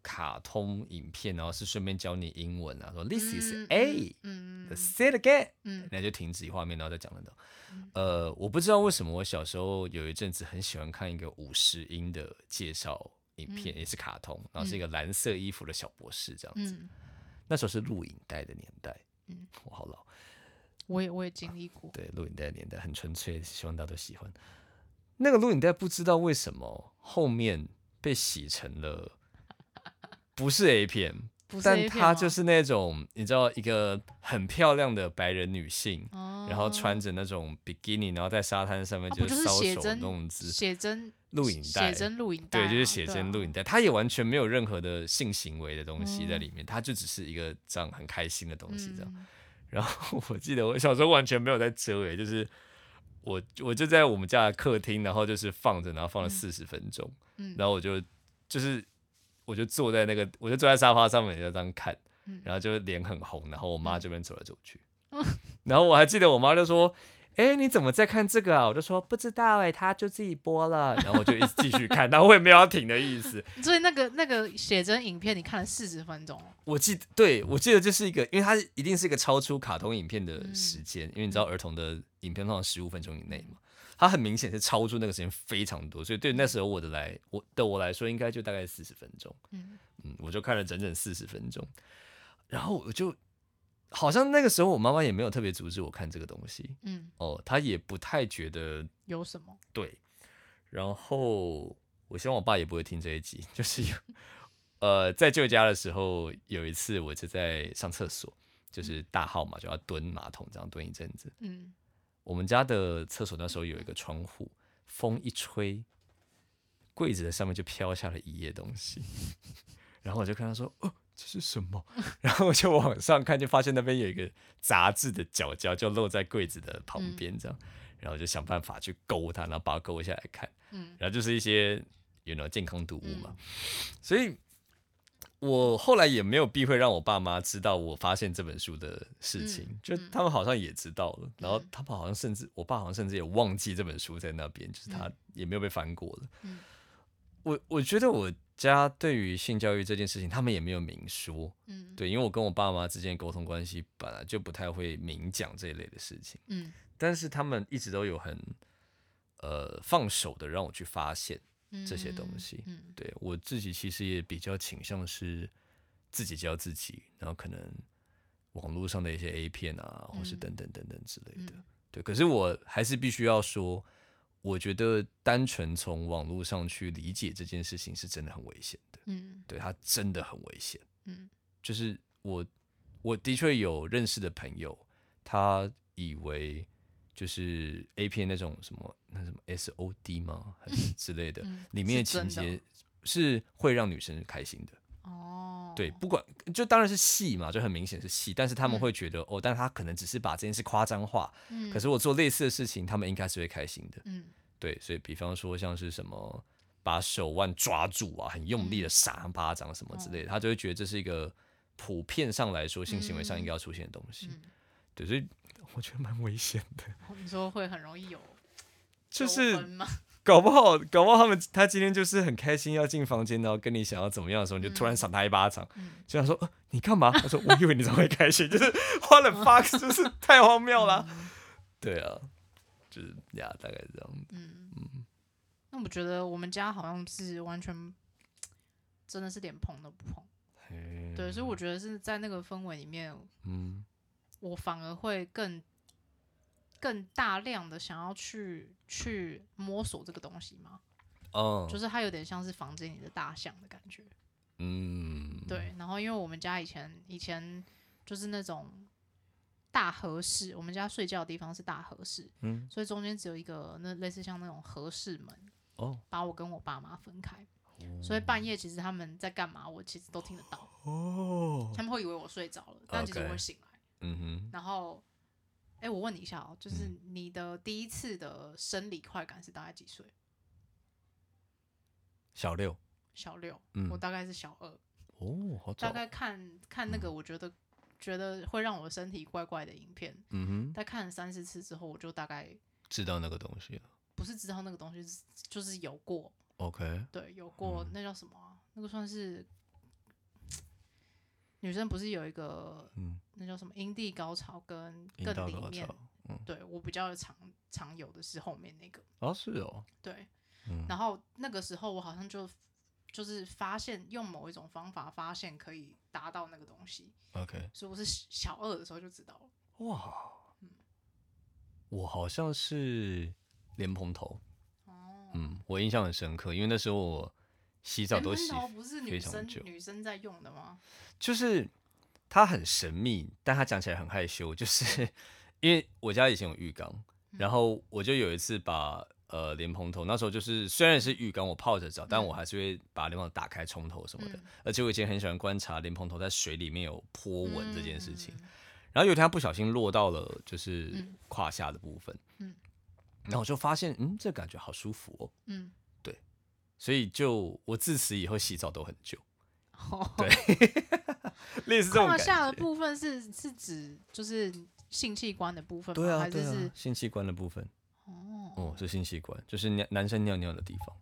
Speaker 1: 卡通影片，然後是順便教你英文啊，說 This is A，嗯嗯，Say it again，、嗯、那就停止畫面，然後再講那種。呃，我不知道為什麼我小時候有一陣子很喜歡看一個五十音的介紹。影片也是卡通，嗯，然後是一個藍色衣服的小博士這樣子。嗯、那時候是錄影帶的年代，嗯，我好老。
Speaker 2: 我也我也經歷過、啊。
Speaker 1: 對，錄影帶的年代很純粹，希望大家都喜歡。那個錄影帶不知道為什麼後面被洗成了，不是 A 片。 但她就是那種，你知道，一個很漂亮的白人女性，啊、然後穿着那種比基尼，然後在沙灘上面就是搔首弄姿，寫真、錄影帶、寫真錄影帶、啊、對，就是寫真錄影帶。她、啊、也完全沒有任何的性行為的東西在裡面，她、嗯、就只是一個這樣很開心的東西這樣。嗯、然後我記得我小時候完全沒有在遮掩，就是我我就在我們家的客廳，然後就是放着，然後放了四十分鐘嗯，嗯，然後我就就是。我就坐在那個，我就坐在沙發上面，就這樣看，然後就臉很紅，然後我媽這邊走來走去，嗯、 然後我還記得我媽就說：“哎、欸，你怎麼在看這個啊？”我就說：“不知道哎、欸，他就自己播了。”然後我就一直繼續看， 然後我也沒有要停的意思。
Speaker 2: 所以那個那個寫真影片，你看了四十分鐘？
Speaker 1: 我記得，對，我記得就是一個，因為它一定是一個超出卡通影片的時間、嗯，因為你知道兒童的影片通常十五分鐘以內嘛。他很明顯是超出那個時間非常多，所以對那時候我的來我的我來說，應該就大概四十分鐘。嗯，嗯我就看了整整四十分鐘，然後我就好像那個時候我媽媽也沒有特別阻止我看這個東西。嗯哦，她也不太覺得有什麼。對。然後我希望我爸也不會聽這一集。就是有 呃，在舅家的時候，有一次我就在上廁所，就是大號嘛，嗯、就要蹲馬桶，這樣蹲一陣子。嗯。我們家的廁所那時候有一個窗戶，風一吹，櫃子的上面就飄下了一頁東西，然後我就看他說：“哦，這是什麼？”然後我就往上看，就發現那邊有一個雜誌的角角就落在櫃子的旁邊，這樣，然後就想辦法去勾它，然後把它勾下來看，嗯，然後就是一些有 you know, 健康讀物嘛，所以。我後來也沒有避諱讓我爸媽知道我發現這本書的事情，嗯、就他們好像也知道了，嗯、然後他們好像甚至、嗯、我爸好像甚至也忘記這本書在那邊，就是他也沒有被翻過了。嗯、我我覺得我家對於性教育這件事情，他們也沒有明說。嗯，對，因為我跟我爸媽之間溝通關係本來就不太會明講這一類的事情。嗯，但是他們一直都有很呃放手的讓我去發現。這些東西，嗯嗯、對我自己其實也比較傾向是自己教自己，然後可能網絡上的一些 A 片啊，或是等等等等之類的、嗯嗯，對。可是我還是必須要說，我覺得單純從網絡上去理解這件事情是真的很危險的，嗯，對，它真的很危險，嗯，就是我我的確有認識的朋友，他以為。就是 A 片那種什麼那什麼 S O D 嗎還是之類的，裡面的情節是會讓女生開心的哦、 嗯，是真的。對，不管就當然是戲嘛，就很明顯是戲。但是他們會覺得、嗯、哦，但他可能只是把這件事誇張化、嗯。可是我做類似的事情，他們應該是會開心的。嗯。對，所以比方說像是什麼把手腕抓住啊，很用力的扇、嗯、巴掌什麼之類的，他就會覺得這是一個普遍上來說性行為上應該要出現的東西。嗯嗯、對，所以。我
Speaker 3: 覺得蠻危險的。
Speaker 2: 我們說會很容易有，就是
Speaker 1: 搞不好，搞不好他們他今天就是很開心要進房間，然後跟你想要怎麼樣的時候，你就突然賞他一巴掌、嗯嗯。就想說，欸、你幹嘛？他說，我以為你只會開心，就是花了 fuck 就是太荒謬了、嗯。對啊，就是呀，大概這樣嗯
Speaker 2: 嗯。那我覺得我們家好像是完全，真的是連碰都不碰。對，所以我覺得是在那個氛圍裡面，嗯。我反而會更更大量的想要去去摸索這個東西嘛，哦、oh.，就是它有點像是房間裡的大象的感覺。嗯、mm.，對。然後因為我們家以前以前就是那種大和室，我們家睡覺的地方是大和室，嗯，所以中間只有一個那類似像那種和室門，哦、oh.，把我跟我爸媽分開，所以半夜其實他們在幹嘛，我其實都聽得到。哦、
Speaker 3: oh.，他們會
Speaker 2: 以為我睡着了，但其實我醒了。嗯哼，然後，哎、欸，我問你一下哦、喔，就是你的第一次的生理快感是大概幾歲？
Speaker 1: 小六，
Speaker 2: 小六，嗯，我大概是小二
Speaker 1: 哦，好，大概
Speaker 2: 看看那個，我覺得、嗯、覺得會讓我身體怪怪的影片，嗯哼，在看了三四次之後，我就大概
Speaker 1: 知道那個東西了、
Speaker 2: 啊，不是知道那個東西，就是有過，OK，對，有過，嗯、那叫什麼、啊、那個算是。女生不是有一個，嗯，那叫什麼？陰蒂高潮跟更裡面，嗯、對我比較常常有的是後面那個，哦、
Speaker 1: 啊、是哦，
Speaker 2: 對、嗯，然後那個時候我好像就就是發現用某一種方法發現可以達到那個東西，OK，所以我是小二的時候就知道了，哇，
Speaker 1: 嗯，我好像是蓮蓬頭，哦，嗯，我印象很深刻，因為那時候我。洗澡都洗非常久，女
Speaker 2: 生在用的嗎？
Speaker 1: 就是它很神秘，但她講起來很害羞。就是因為我家以前有浴缸，然後我就有一次把呃蓮蓬頭，那時候就是雖然是浴缸，我泡着澡，但我還是會把蓮蓬頭打開沖頭什麼的。而且我以前很喜歡觀察蓮蓬頭在水裡面有波紋這件事情。然後有一天不小心落到了就是胯下的部分，嗯，
Speaker 3: 然
Speaker 1: 後我就發現，嗯，這感覺好舒服哦，嗯。所以就我自此以後洗澡都很久，oh. 對， 胯下
Speaker 2: 的部分是是指就是性器官的部分嗎？對啊，還是是
Speaker 1: 性器官的部分？Oh. 哦，是性器官，就是男男生尿尿的地方，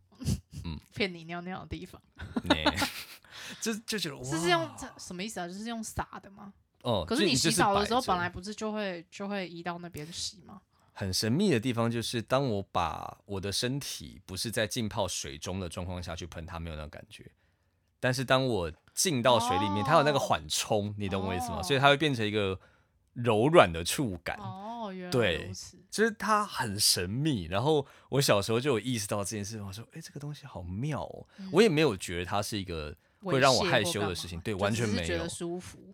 Speaker 1: 嗯，
Speaker 2: 騙你尿尿的地方，這 就，就覺得這是用什麼意思啊？就是用撒的嗎？
Speaker 1: 哦，可是你洗澡的時候本
Speaker 2: 來不是就會就會移到那邊洗嗎？
Speaker 1: 很神秘的地方就是，當我把我的身體不是在浸泡水中的狀況下去噴它，沒有那種感覺。但是當我浸到水裡面，哦、它有那個緩衝，你懂我意思嗎、哦。所以它會變成一個柔軟的觸感。哦，原來如此。對、就是、它很神秘。然後我小時候就有意識到這件事，我說：“誒、欸，這個東西好妙哦。嗯”我也沒有覺得它是一個。會讓我害羞的事情，對，完全沒有。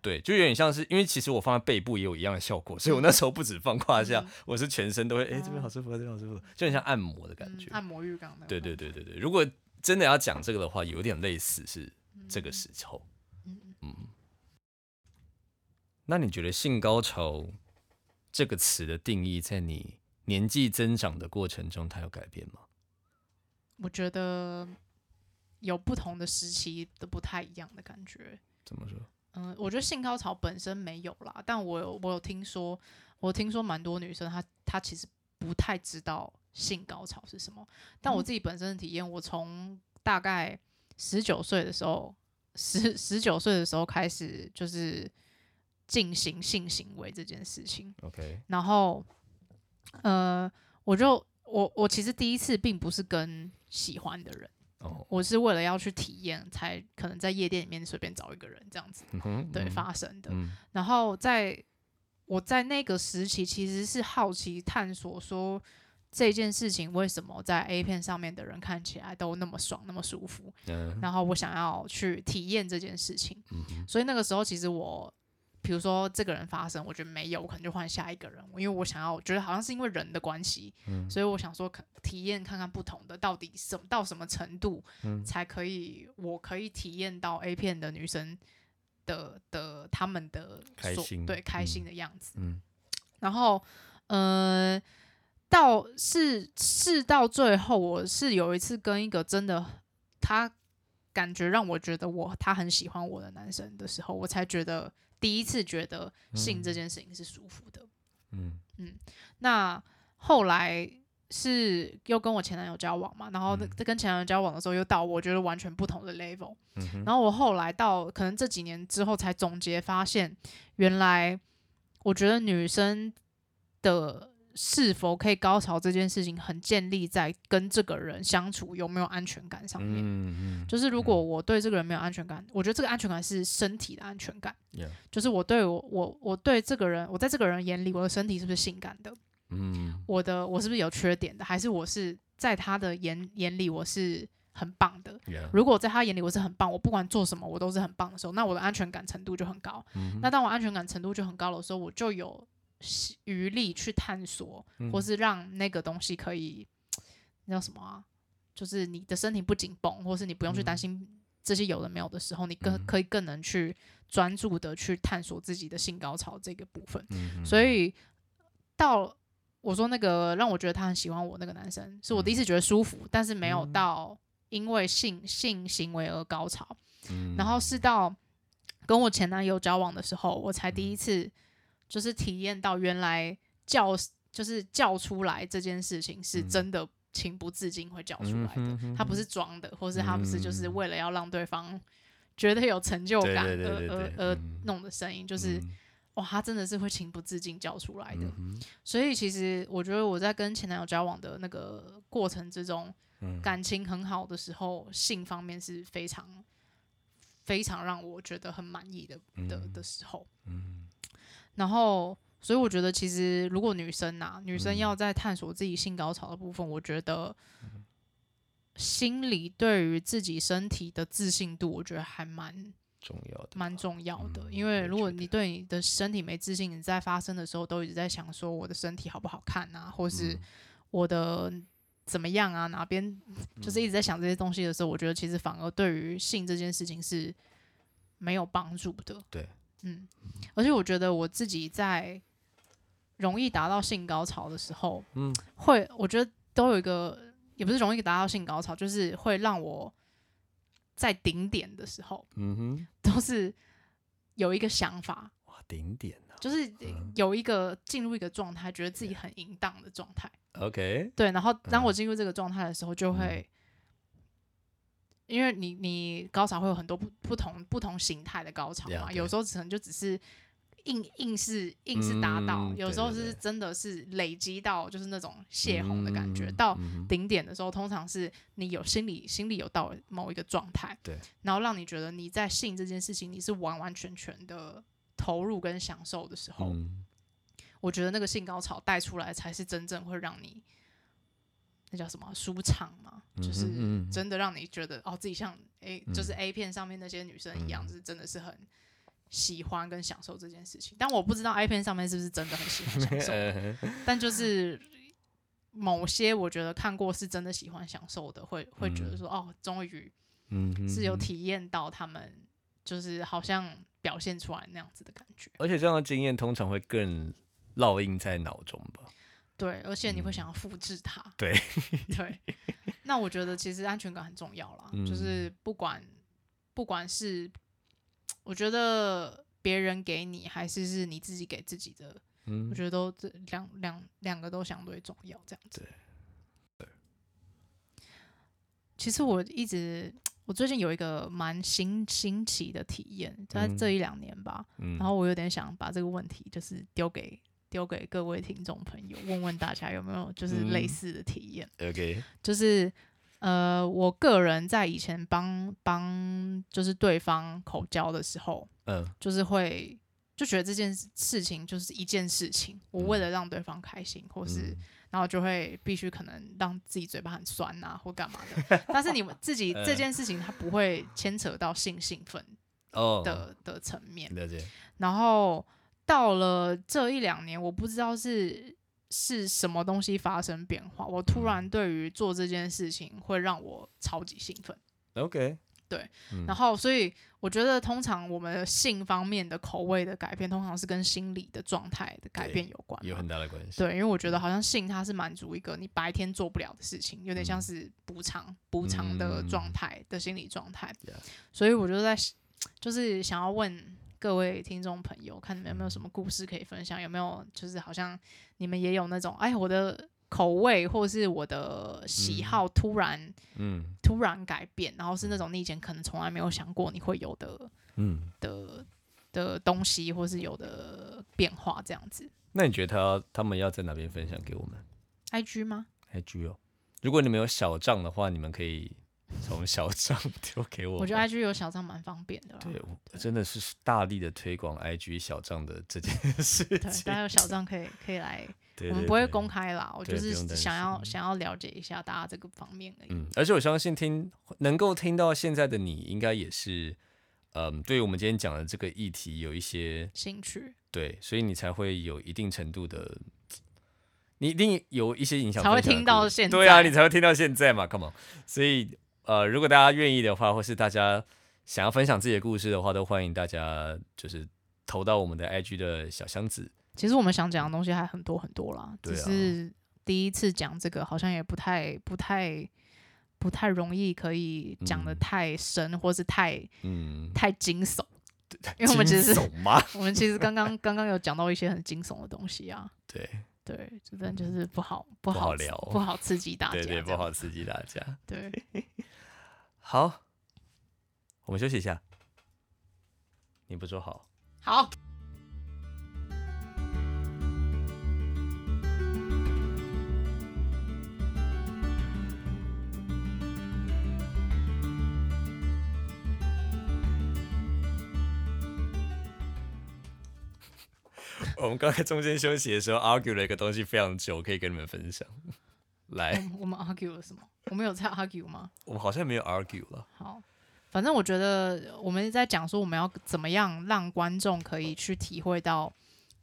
Speaker 1: 對，就有點像是，因為其實我放在背部也有一樣的效果，所以我那時候不止放胯下，我是全身都會，誒，這邊好舒服啊，這邊好舒服，就很像按摩的感覺，按摩浴缸的，對對對對對。如果真的要講這個的話，有點類似是這個時候，嗯嗯。那你覺得性高潮這個詞的定義，在你年紀增長的過程中，它有改變嗎？
Speaker 2: 我覺得。有不同的時期都不太一樣的感覺。怎麼說？嗯、呃，我覺得性高潮本身沒有啦，但我有我有聽說，我聽說蠻多女生她她其實不太知道性高潮是什麼。但我自己本身的體驗、嗯，我從大概十九歲的時候，十十九歲的時候開始就是進行性行為這件事情。OK，然後呃，我就我我其實第一次並不是跟喜歡的人。Oh. 我是為了要去體驗，才可能在夜店裡面隨便找一個人這樣子，mm -hmm. 對，發生的。Mm -hmm. 然後在我在那個時期，其實是好奇探索說，這件事情為什麼在 A 片上面的人看起來都那麼爽那麼舒服。Uh -huh. 然後我想要去體驗這件事情，mm -hmm. 所以那個時候其實我。比如說這個人發生，我覺得沒有，我可能就換下一個人，因為我想要，我覺得好像是因為人的關係，嗯，所以我想說，可體驗看看不同的到底什麼到什麼程度，嗯，才可以，我可以體驗到 A 片的女生的的他們的開心，對，開心的樣子，嗯，然後，呃，到是是到最後，我是有一次跟一個真的，他感覺讓我覺得我他很喜歡我的男生的時候，我才覺得。第一次覺得性這件事情是舒服的，嗯，嗯，那後來是又跟我前男友交往嘛，然後跟前男友交往的時候又到我覺得完全不同的 level，嗯，然後我後來到可能這幾年之後才總結發現，原來我覺得女生的。是否可以高潮這件事情，很建立在跟這個人相處有沒有安全感上面。就是如果我對這個人沒有安全感，我覺得這個安全感是身體的安全感。就是我對我我我對這個人，我在這個人眼裡，我的身體是不是性感的？我的我是不是有缺點的？還是我是在他的眼眼裡，我是很棒的。如果在他眼裡我是很棒，我不管做什麼我都是很棒的時候，那我的安全感程度就很高。那當我安全感程度就很高的時候，我就有。餘力去探索，或是讓那個東西可以，那、嗯、叫什麼啊？就是你的身體不緊繃，或是你不用去擔心這些有的沒有的時候，你更可以更能去專注的去探索自己的性高潮這個部分。嗯、所以到我說那個讓我覺得他很喜歡我那個男生，是我第一次覺得舒服，但是沒有到因為性性行為而高潮、嗯。然後是到跟我前男友交往的時候，我才第一次就是體驗到原來叫就是叫出來這件事情是真的情不自禁會叫出來的，他不是裝的，或是他不是就是為了要讓對方覺得有成就感而而而弄的聲音，就是哇、哦，他真的是會情不自禁叫出來的。所以其實我覺得我在跟前男友交往的那個過程之中，感情很好的時候，性方面是非常非常讓我覺得很滿意的的的時候。然後，所以我覺得，其實如果女生啊，女生要在探索自己性高潮的部分，嗯、我覺得心理對於自己身體的自信度，我覺得還蠻重要的、啊，蠻重要的、嗯。因為如果你對你的身體沒自信，你在發生的時候都一直在想說我的身體好不好看啊，或是我的怎麼樣啊，嗯、哪邊就是一直在想這些東西的時候、嗯，我覺得其實反而對於性這件事情是沒有幫助的。對。嗯，而且我覺得我自己在容易達到性高潮的時候，
Speaker 3: 嗯，
Speaker 2: 會我覺得都有一個，也不是容易達到性高潮，就是會讓我在頂點的時候，嗯哼，都是有一個想法，
Speaker 1: 哇，頂點
Speaker 2: 啊，就是有一個進入一個狀態，嗯，覺得自己很淫蕩的狀態
Speaker 1: ，OK，對，然後
Speaker 2: 當我進入這個狀態的時候，就會。嗯嗯因為你，你高潮會有很多不不同不同形態的高潮嘛，yeah, 有時候可能就只是硬硬是硬是達到，嗯，有時候是真的是累積到就是那種泄洪的感覺，嗯，到頂點的時候，嗯，通常是你有心裡、心裡有到某一個狀態，對，然後讓你覺得你在性這件事情你是完完全全的投入跟享受的時候，嗯，我覺得那個性高潮帶出來，才是真正會讓你。那叫什麼舒暢嘛，就是真的讓你覺得哦，自己像 A，、嗯、就是 A 片上面那些女生一樣，就、嗯、是真的是很喜歡跟享受這件事情。但我不知道 A 片上面是不是真的很喜歡享受， 但就是某些我覺得看過是真的喜歡享受的，會會覺得說哦，終於是有體驗到他們就是好像表現出來那樣子的感覺。
Speaker 1: 而且這樣的經驗通常會更烙印在腦中吧。
Speaker 2: 對，而且你會想要複制它。嗯、對,對那我覺得其實安全感很重要啦、嗯，就是不管不管是我覺得別人給你，還是是你自己給自己的，嗯、我覺得都這兩兩兩個都相對重要，這樣子對。對。其實我一直，我最近有一個蠻新新奇的體驗，在這一兩年吧、嗯，然後我有點想把這個問題就是丟給。丟給各位聽眾朋友，問問大家有沒有就是類似的體驗、嗯、？OK，就是呃，我個人在以前幫幫就是對方口交的時候，嗯，就是會就覺得這件事，事情就是一件事情，我為了讓對方開心，嗯、或是然後就會必須可能讓自己嘴巴很酸啊，或幹嘛的。但是你們自己、嗯、這件事情，它不會牽扯到性興奮的哦的的層面。了解，然後。到了這一兩年，我不知道是是什麼東西發生變化，我突然對於做這件事情會讓我超級興奮。OK，對，嗯、然後所以我覺得，通常我們性方面的口味的改變，通常是跟心理的狀態的改變有
Speaker 1: 關，有很大的關係。對，
Speaker 2: 因為我覺得好像性它是滿足一個你白天做不了的事情，有點像是補償補償的狀態、嗯、的心理狀態。Yeah. 所以我就在就是想要問。各位聽眾朋友，看你們有沒有什麼故事可以分享？有沒有就是好像你們也有那種，哎，我的口味或者是我的喜好突然嗯，嗯，突然改變，然後是那種你以前可能從來沒有想過你會有的，嗯的的東西，或是有的變化這樣子。
Speaker 1: 那你覺得他他們要在哪邊分享給我們？IG 嗎？IG 哦，如果你們有小賬的話，你們可以。從小賬丟給我，我覺得 IG
Speaker 2: 有小賬蠻方便的啦。對，
Speaker 1: 真的是大力的推廣 IG 小賬的這件事情。對，大家有小
Speaker 2: 賬可以可以來，對對對，我們不會公開啦。對對對，我就是想要想要了解一下大家這個方面而
Speaker 1: 已。嗯，而且我相信聽能夠聽到現在的你，應該也是嗯，對於我們今天講的這個議題有一些興趣。對，所以你才會有一定程度的，你一定有一些影響才會聽到現在，對啊，你才會聽到現在嘛，come on，所以。呃，如果大家願意的話，或是大家想要分享自己的故事的話，都歡迎大家就是投到我們的 IG 的小箱子。
Speaker 2: 其實我們想講的東西還很多很多啦，啊、只是第一次講這個，好像也不太、不太、不太容易可以講的太深、嗯，或是太嗯太驚悚。因為我們其實，我們其實剛剛剛剛有講到一些很驚悚的東西啊。對對，這陣就是不好、嗯、不好聊，不好刺激大家， 對、對、對，不
Speaker 1: 好刺激大家。 對。好，我們休息一下。你不說好？
Speaker 2: 好。
Speaker 1: 我們剛才中間休息的時候，argue 了一個東西非常久，可以跟你們分享。來、嗯，
Speaker 2: 我們 argue 了什麼？我們有在 argue 嗎？
Speaker 1: 我們好像沒有 argue 了。
Speaker 2: 好，反正我覺得我們在講說我們要怎麼樣讓觀眾可以去體會到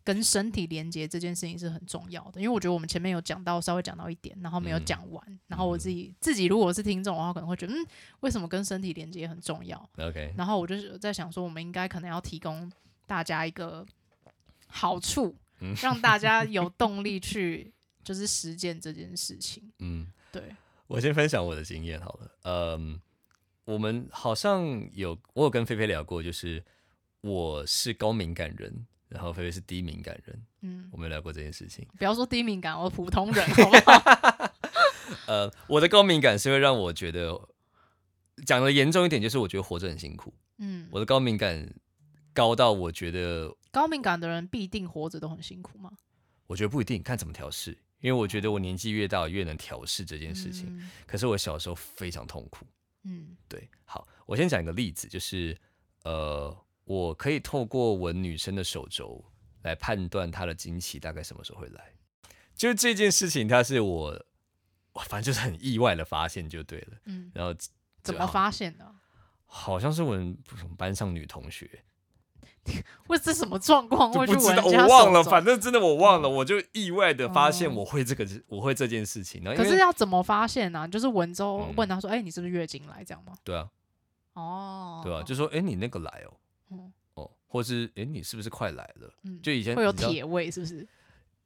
Speaker 2: 跟身體連接這件事情是很重要的，因為我覺得我們前面有講到，稍微講到一點，然後沒有講完、嗯，然後我自己、嗯、自己如果是聽眾的話，我可能會覺得嗯，為什麼跟身體連接很重要？OK，然後我就在想說，我們應該可能要提供大家一個好處，讓大家有動力去。 就是實踐這件事情。嗯，對，
Speaker 1: 我先分享我的經驗好了。嗯、呃，我們好像有我有跟菲菲聊過，就是我是高敏感人，然後菲菲是低敏感人。嗯，我們聊過這件事情。
Speaker 2: 不要說低敏感，我普通人， 好
Speaker 1: 不好？呃，我的高敏感是會讓我覺得講得嚴重一點，就是我覺得活着很辛苦。嗯，我的高敏感高到我覺得
Speaker 2: 高敏感的人必定活着都很辛苦嗎？
Speaker 1: 我覺得不一定，看怎麼調適。因為我覺得我年紀越大越能調適這件事情。嗯，可是我小時候非常痛苦。嗯，對。好，我先講一個例子，就是呃，我可以透過聞女生的手肘來判斷她的經期大概什麼時候會來，就這件事情，它是我，我反正就是很意外的發現就對了。嗯，然後
Speaker 2: 怎麼發現的？
Speaker 1: 好像是我班上女同學。
Speaker 2: 會 是什麼狀況？不知道，我忘了。反
Speaker 1: 正真的我忘了，嗯、我就意外的發現我會這個，嗯、我會這件事情。然後，可是要
Speaker 2: 怎麼發現呢、啊？就是文州問他說：“哎、嗯欸，你是不是月經來這樣嗎？”對啊，哦，對啊，
Speaker 1: 就說：“哎、欸，你那個來、喔、哦，哦，或是哎、欸，你是不是快來了？”嗯、就以前會有鐵味，是不是？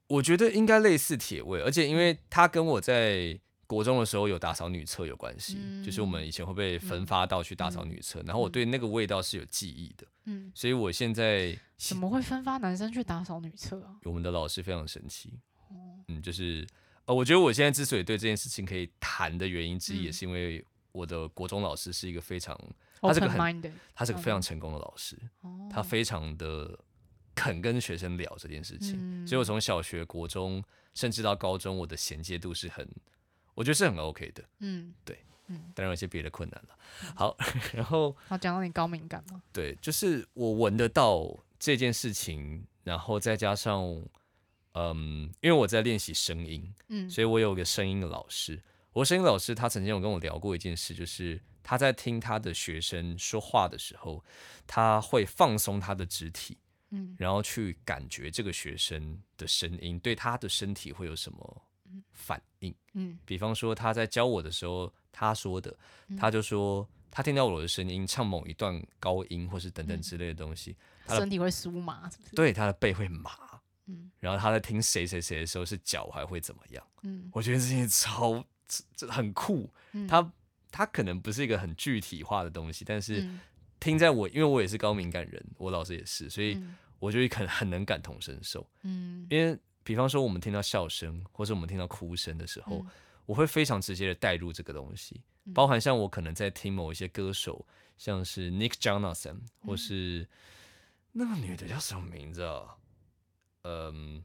Speaker 1: 我覺得應該類似鐵味，而且因為他跟我在。國中的時候有打掃女廁有關係、嗯，就是我們以前會被分發到去打掃女廁、嗯，然後我對那個味道是有記憶的。嗯，所以我現在，現
Speaker 2: 在怎麼會分發男生去打掃女廁
Speaker 1: 啊？我們的老師非常神奇。哦、嗯，就是呃、哦，我覺得我現在之所以對這件事情可以談的原因之一、嗯，也是因為我的國中老師是一個非常，他是個很，他是個非常成功的老師，哦、他非常的肯跟學生聊這件事情，哦、所以我從小學、國中，甚至到高中，我的銜接度是很。我覺得是很 OK 的，嗯，對，嗯，當然有一些別的困難了。好，嗯，然後，
Speaker 2: 他講到你高敏感了，
Speaker 1: 對，就是我聞得到這件事情，然後再加上，嗯，因為我在練習聲音，嗯，所以我有個聲音的老師。我聲音老師他曾經有跟我聊過一件事，就是他在聽他的學生說話的時候，他會放鬆他的肢體，嗯，然後去感覺這個學生的聲音對他的身體會有什麼反應，嗯，比方說他在教我的時候，他說的、嗯，他就說他聽到我的聲音唱某一段高音，或是等等之類的東西，他的身體會酥麻，對，他的背會麻，嗯。然後他在聽誰誰誰的時候，是腳還會怎麼樣？嗯，我覺得這些超很酷。嗯、他他可能不是一個很具體化的東西，但是聽在我，因為我也是高敏感人，我老師也是，所以我覺得可能很能感同身受，嗯，因為。比方說，我們聽到笑聲，或是我們聽到哭聲的時候，嗯、我會非常直接的帶入這個東西，嗯，包含像我可能在聽某一些歌手，像是 Nick Jonathan 或是、嗯、那個女的叫什麼名字啊？嗯，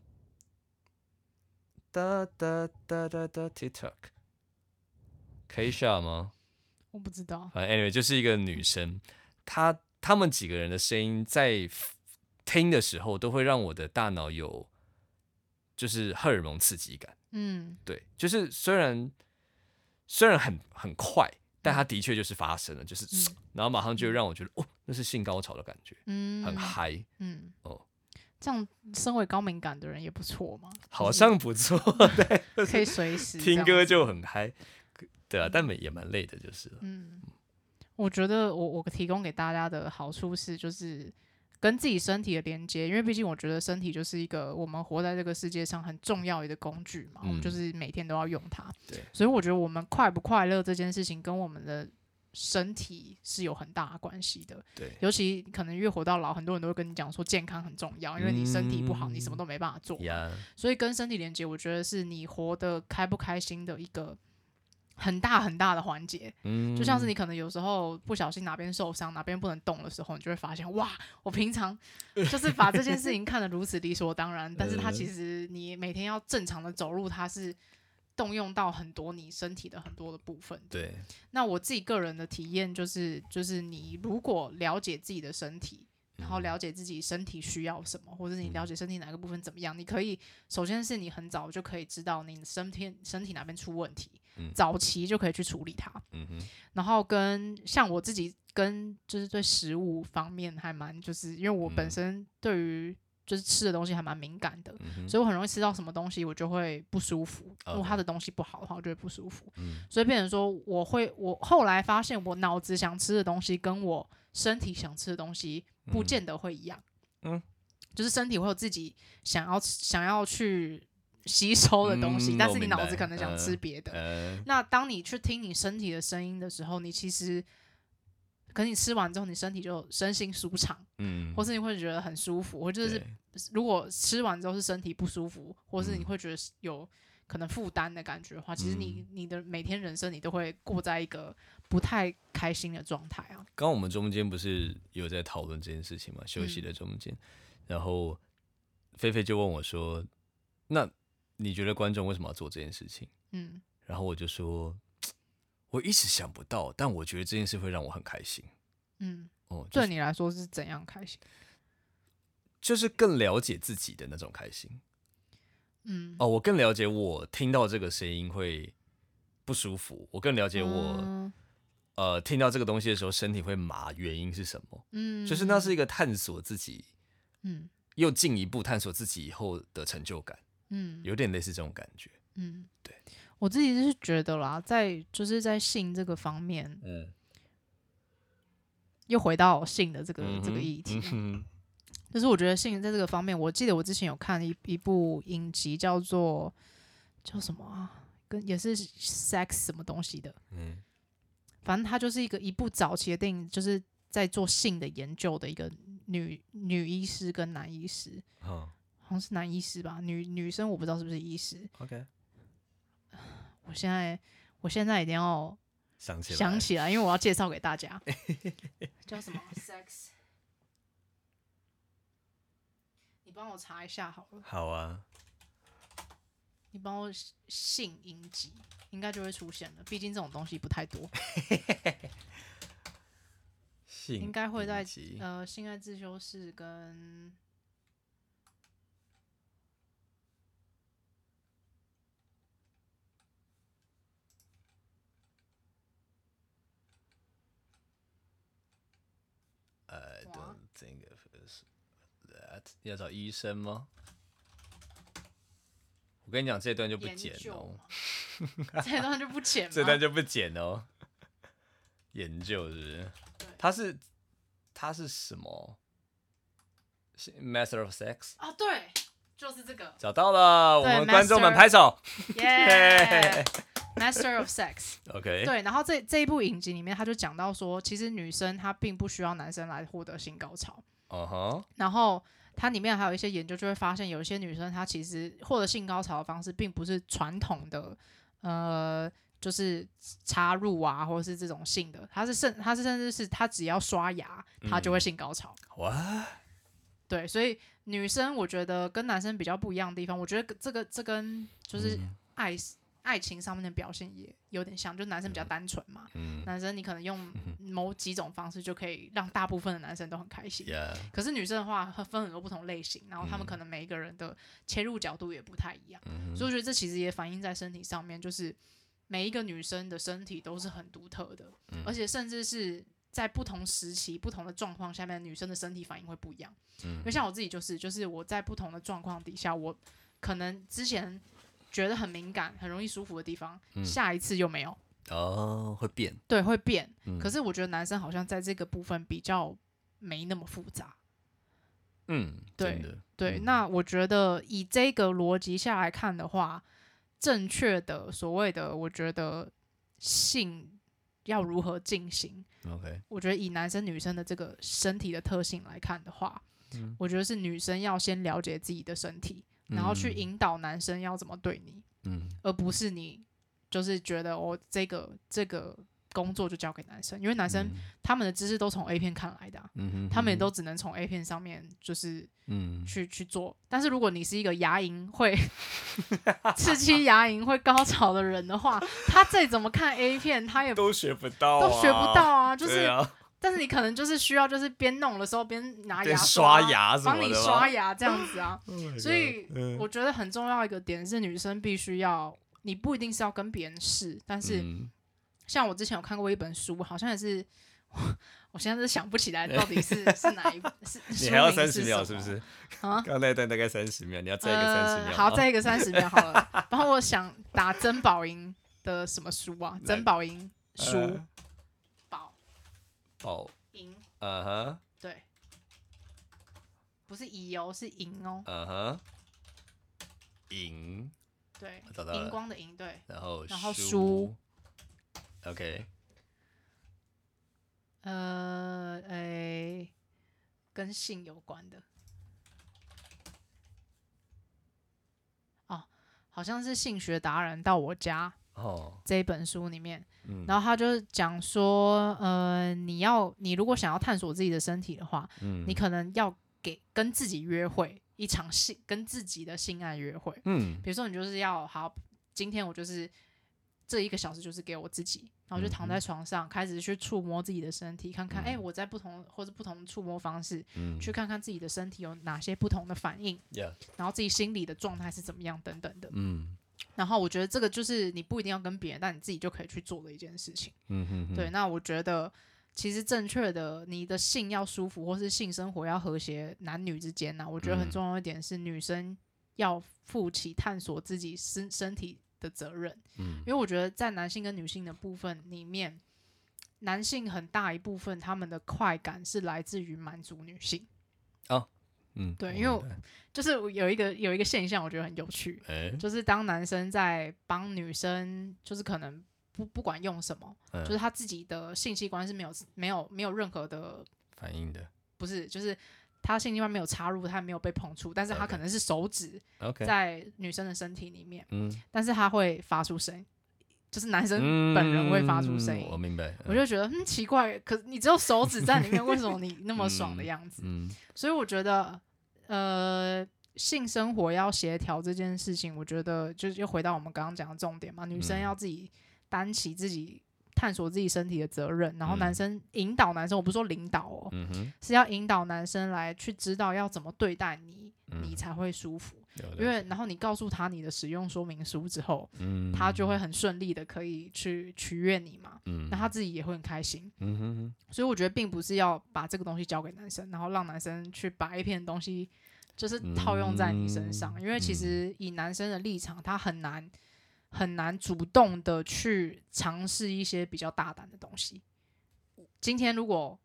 Speaker 1: 噠噠噠噠噠 TikTok，Kisha 嗎？我不知道。反、uh, 正 anyway 就是一個女生，嗯、她她們幾個人的聲音在聽的時候，都會讓我的大腦有。就是荷爾蒙刺激感，嗯，對，就是雖然雖然很很快，但它的確就是發生了，就是、嗯、然後馬上就讓我覺得哦，那是性高潮的感覺，嗯，很嗨，嗯，哦，
Speaker 2: 這樣身為高敏感的人也不錯嘛、就
Speaker 1: 是，好像不錯，對，可以隨時 聽歌就很嗨，對啊，但也也蠻累的，就是
Speaker 2: 嗯，我覺得我我提供給大家的好處是就是。跟自己身體的連接，因為畢竟我覺得身體就是一個我們活在這個世界上很重要的一個工具嘛、嗯，我們就是每天都要用它。對，所以我覺得我們快不快樂這件事情跟我們的身體是有很大關係的。對，尤其可能越活到老，很多人都會跟你講說健康很重要，因為你身體不好，嗯、你什麼都沒辦法做。所以跟身體連接，我覺得是你活得開不開心的一個。很大很大的環節、嗯，就像是你可能有時候不小心哪邊受傷，哪邊不能動的時候，你就會發現哇，我平常就是把這件事情看得如此理所當然， 但是它其實你每天要正常的走路，它是動用到很多你身體的很多的部分，對，對那我自己個人的體驗就是，就是你如果了解自己的身體，然後了解自己身體需要什麼，或者你了解身體哪個部分怎麼樣，你可以首先是你很早就可以知道你身體身體哪邊出問題。早期就可以去處理它，嗯、然後跟像我自己跟就是對食物方面還蠻就是因為我本身對於就是吃的東西還蠻敏感的、嗯，所以我很容易吃到什麼東西我就會不舒服。嗯、如果它的東西不好的話，我就會不舒服、嗯。所以變成說我會我後來發現我腦子想吃的東西跟我身體想吃的東西不見得會一樣，嗯，就是身體會有自己想要想要去。吸收的東西，嗯、但是你腦子可能想吃別的、嗯嗯。那當你去聽你身體的聲音的時候，你其實，可能你吃完之後，你身體就身心舒暢，嗯，或是你會覺得很舒服。或者是如果吃完之後是身體不舒服，嗯、或是你會覺得有可能負擔的感覺的話，嗯、其實你你的每天人生你都會過在一個不太開心的狀態啊。剛
Speaker 1: 剛我們中間不是有在討論這件事情嘛？休息的中間、嗯，然後菲菲就問我說：“那？”你覺得觀眾為什麼要做這件事情？嗯，然後我就說，我一直想不到，但我覺得這件事會讓我很開心。嗯，哦，就
Speaker 2: 是、對你來說是怎樣開心？就是
Speaker 1: 更了解自己的那種開心。嗯，哦，我更了解我聽到這個聲音會不舒服。我更了解我、嗯，呃，聽到這個東西的時候身體會麻，原因是什麼？嗯，就是那是一個探索自己，
Speaker 3: 嗯，
Speaker 1: 又進一步探索自己以後的成就感。嗯，有點類似這種感覺。
Speaker 2: 嗯，對，我自己就是覺得啦，在就是在性這個方面，嗯，又回到性的這個、嗯、這個議題、嗯，就是我覺得性在這個方面，我記得我之前有看一一部影集，叫做叫什麼啊，跟也是 sex 什麼東西的，嗯，反正它就是一個一部早期的電影，就是在做性的研究的一個女女醫師跟男醫師，嗯、哦。好像是男醫師吧，女女生我不知道是不是醫師。OK，、呃、我現在我現在一定要想起來，起來因為我要介紹給大家， 叫什麼 Sex？你幫我查一下好了。好啊，你幫我性音級，應該就會出現了。畢竟這種東西不太多， 應該會在呃性愛自修室跟。
Speaker 1: Think of that？要找醫生嗎？我跟你講，這段就不剪哦、喔。 這段就不剪。這段就不剪哦、喔。研究是不是？他是他是什麼是 Master of Sex？啊、哦，
Speaker 2: 對，就是這個。找
Speaker 1: 到了，我們觀眾們拍手。耶 Master...、yeah!。Hey!
Speaker 2: Master of Sex，OK，對，然後這這一部影集裡面，他就講到說，其實女生她並不需要男生來獲得性高潮
Speaker 1: ，Uh-huh.
Speaker 2: 然後它裡面還有一些研究就會發現，有一些女生她其實獲得性高潮的方式，並不是傳統的，呃，就是插入啊，或者是這種性的，她是甚，她是甚至是她只要刷牙，她，Mm. 就會性高潮，哇，對，所以女生我覺得跟男生比較不一樣的地方，我覺得這個這跟就是愛。Mm. 愛情上面的表現也有點像，就男生比較單純嘛。嗯。男生你可能用某幾種方式就可以讓大部分的男生都很開心。Yeah. 可是女生的話，分很多不同類型，然後他們可能每一個人的切入角度也不太一樣。嗯。所以我覺得這其實也反映在身體上面，就是每一個女生的身體都是很獨特的，嗯，而且甚至是在不同時期，不同的狀況下面，女生的身體反應會不一樣。就、嗯、像我自己就是，就是我在不同的狀況底下，我可能之前。覺得很敏感，很容易舒服的地方，嗯、下一次又沒有
Speaker 1: 哦，會變，
Speaker 2: 對，會變、嗯。可是我覺得男生好像在這個部分比較沒那麼複雜。
Speaker 1: 嗯，對
Speaker 2: 對、嗯。那我覺得以這個邏輯下來看的話，正確的所謂的，我覺得性要如何進行？OK，我覺得以男生女生的這個身體的特性來看的話，嗯、我覺得是女生要先了解自己的身體。然後去引導男生要怎麼對你，嗯、而不是你就是覺得我、哦、這個這個工作就交給男生，因為男生、嗯、他們的知識都從 A 片看來的、啊，嗯嗯嗯，他們也都只能從 A 片上面就是去、嗯、去、去做。但是如果你是一個牙齦會，刺激牙齦會高潮的人的話， 他再怎麼看 A 片，他也都學
Speaker 1: 不到、啊，都學不到啊，就是。對
Speaker 2: 啊。但是你可能就是需要，就是邊弄的時候邊拿牙刷、啊，幫你刷牙這樣子啊。 oh、God,
Speaker 3: 所以我
Speaker 2: 覺得很重要一個點是，女生必須要，你不一定是要跟別人試，但是、嗯、像我之前有看過一本書，好像也是，我現在是想不起來到底是 是，是哪一本， 是，是什麼。你還要三十秒是不是？啊，剛才
Speaker 1: 那段大概三十秒，你要再一個三十秒、呃，好，再一個三十秒好了。然後 我
Speaker 2: 想，打珍寶營的什麼書啊？珍寶營書。
Speaker 1: 哦、oh，嗯哼，
Speaker 2: 對，不是乙油是銀
Speaker 1: 哦，嗯哼，銀，對，找到了，螢光的螢，對，然後然後輸，OK，呃，哎、
Speaker 2: 欸，跟性有關的，哦，好像是性學達人到我家。這一本書裡面，然後他就是講說，呃，你要你如果想要探索自己的身體的話，嗯、你可能要給跟自己約會一場性，跟自己的性愛約會，嗯，比如說你就是要好，今天我就是這一個小時就是給我自己，然後就躺在床上、嗯、開始去觸摸自己的身體，看看哎、嗯欸、我在不同或者不同觸摸方式、嗯，去看看自己的身體有哪些不同的反應，yeah. 然後自己心理的狀態是怎麼樣等等的，嗯。然後我覺得這個就是你不一定要跟別人，但你自己就可以去做的一件事情。嗯
Speaker 3: 哼哼。對，
Speaker 2: 那我覺得其實正確的，你的性要舒服，或是性生活要和諧，男女之間呢、啊，我覺得很重要一點是女生要負起探索自己身身體的責任。嗯。因為我覺得在男性跟女性的部分裡面，男性很大一部分他們的快感是來自於滿足女性。嗯、對，因為就是有一個有一個現象，我覺得很有趣，欸、就是當男生在幫女生，就是可能不不管用什麼、嗯，就是他自己的性器官是沒有沒有沒有任何的反應的，不是，就是他性器官沒有插入，他沒有被碰觸，但是他可能是手指在女生的身體裡面，Okay. 但是他會發出聲音，Okay. 就是男生本人會發出聲音、嗯，我明白，嗯、我就覺得嗯，奇怪，可你只有手指在裡面， 為什麼你那麼爽的樣子？嗯嗯、所以我覺得。呃，性生活要協調這件事情，我覺得就又回到我們剛剛講的重點嘛。女生要自己擔起自己探索自己身體的責任，嗯、然後男生引導男生，我不是說領導哦、喔嗯，是要引導男生來去知道要怎麼對待你，嗯、你才會舒服。因為，然後你告訴他你的使用說明書之後，嗯、他就會很順利的可以去取悅你嘛、嗯，那他自己也會很開心、嗯哼
Speaker 3: 哼，
Speaker 2: 所以我覺得並不是要把這個東西交給男生，然後讓男生去把一片東西就是套用在你身上，嗯、因為其實以男生的立場，他很難很難主動的去嘗試一些比較大膽的東西。今天如果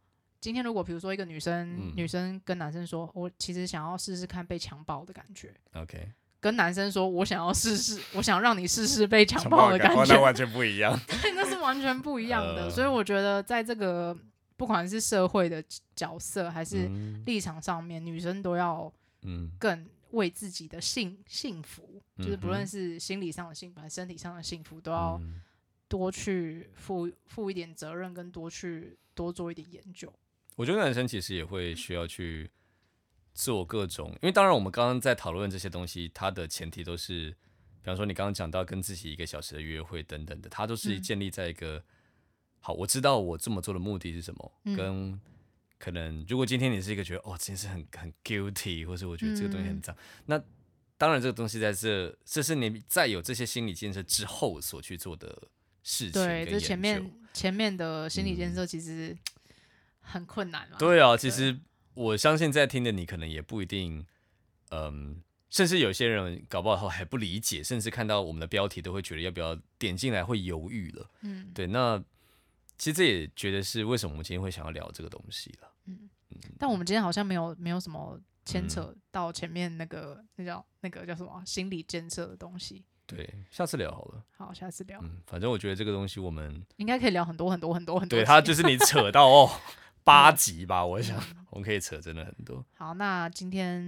Speaker 2: 今天如果比如說一個女生、嗯、女生跟男生說，我其實想要試試看被強暴的感覺。OK，跟男生說我想要試試，我想讓你試試被強暴的感覺 寶寶、哦，那完全不一樣。 對，那是完全不一樣的。呃、所以我覺得，在這個不管是社會的角色還是立場上面，女生都要嗯更為自己的幸幸福、嗯，就是不論是心理上的幸福，還是身體上的幸福，都要多去負負一點責任，跟多去多做一點研究。
Speaker 1: 我覺得男生其實也會需要去做各種，因為當然我們剛剛在討論這些東西，它的前提都是，比方說你剛剛講到跟自己一個小時的約會等等的，它都是建立在一個、嗯、好，我知道我這麼做的目的是什麼，嗯、跟可能如果今天你是一個覺得哦這件事很很 guilty，或是我覺得這個東西很髒，嗯、那當然這個東西在這，這是你在有這些心理建設之後所去做的事情，對，這前面
Speaker 2: 前面的心理建設其實、嗯。很困難了，
Speaker 1: 對啊對，其實我相信在聽的你可能也不一定，嗯、呃，甚至有些人搞不好還不理解，甚至看到我們的標題都會覺得要不要點進來會猶豫了。嗯，對，那其實這也覺得是為什麼我們今天會想要聊這個東西了、嗯。
Speaker 2: 嗯，但我們今天好像沒有沒有什麼牽扯到前面那個、嗯、那個、叫那個叫什麼心理建設的東西。
Speaker 1: 對，下次聊好了。
Speaker 2: 好，下次聊。嗯，
Speaker 1: 反正我覺得這個東西我們
Speaker 2: 應該可以聊很多很多很多很多。對，他 就是你扯
Speaker 1: 到哦。 八集吧，我想，嗯、我們可以扯真的很多。
Speaker 2: 好，那今天，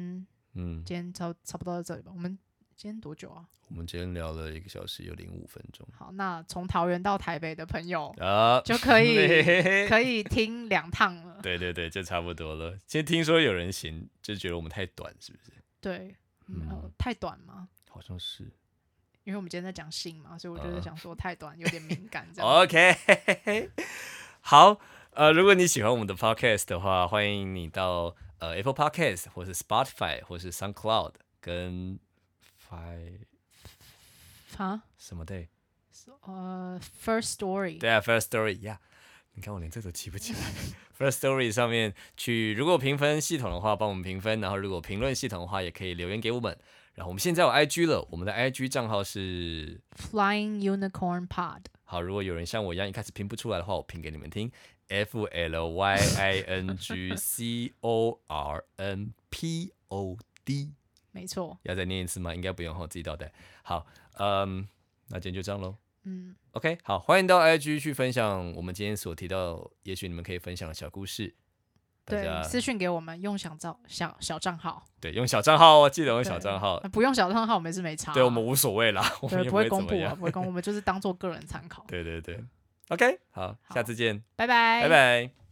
Speaker 2: 嗯，今天差差不多到這裡吧，嗯。我們今天多久啊？
Speaker 1: 我們今天聊了一個小時有零五分鐘。好，
Speaker 2: 那從桃園到台北的朋友啊，就可以、呃、可以 可以聽兩趟了。
Speaker 1: 對對對，就差不多了。今天聽說有人嫌就覺得我們太短，是不是？
Speaker 2: 對，嗯，嗯呃、太短嗎？
Speaker 1: 好像是，
Speaker 2: 因為我們今天在講性嘛，所以我覺得想說太短有點敏感這樣。 OK，
Speaker 1: 好。呃，如果你喜歡我們的 Podcast 的話，歡迎你到呃 Apple Podcast 或是 Spotify 或是 SoundCloud 跟，發，
Speaker 2: 啊，
Speaker 1: 什麼的？呃、so,
Speaker 2: uh,，First Story。
Speaker 1: 對啊，First Story，yeah。你看我連這個都記不起來。First Story 上面去，如果評分系統的話，幫我們評分；然後如果評論系統的話，也可以留言給我們。然後我們現在有 IG 了，我們的 IG 賬號是
Speaker 2: Flying Unicorn Pod。
Speaker 1: 好，如果有人像我一樣一開始拼不出來的話，我拼給你們聽。 f l y i n g c o r n p o d，沒錯，要再念一次嗎？應該不用，我自己倒帶。好，嗯，那今天就這樣嘍。嗯，OK，好，歡迎到 IG 去分享我們今天所提到，也許你們可以分享的小故事。對，私
Speaker 2: 訊給我們，用小賬小小賬號。
Speaker 1: 對，用小賬號哦，記得用小賬號。
Speaker 2: 不用小賬號，我們是沒差啊。對我
Speaker 1: 們無所謂啦，對， 我們不會公布、啊 不會，不會公布啊，不會
Speaker 2: 公布，我們就是當做個人參考。 對
Speaker 1: 對對。OK，好，好，下次見，拜拜，拜拜。拜拜。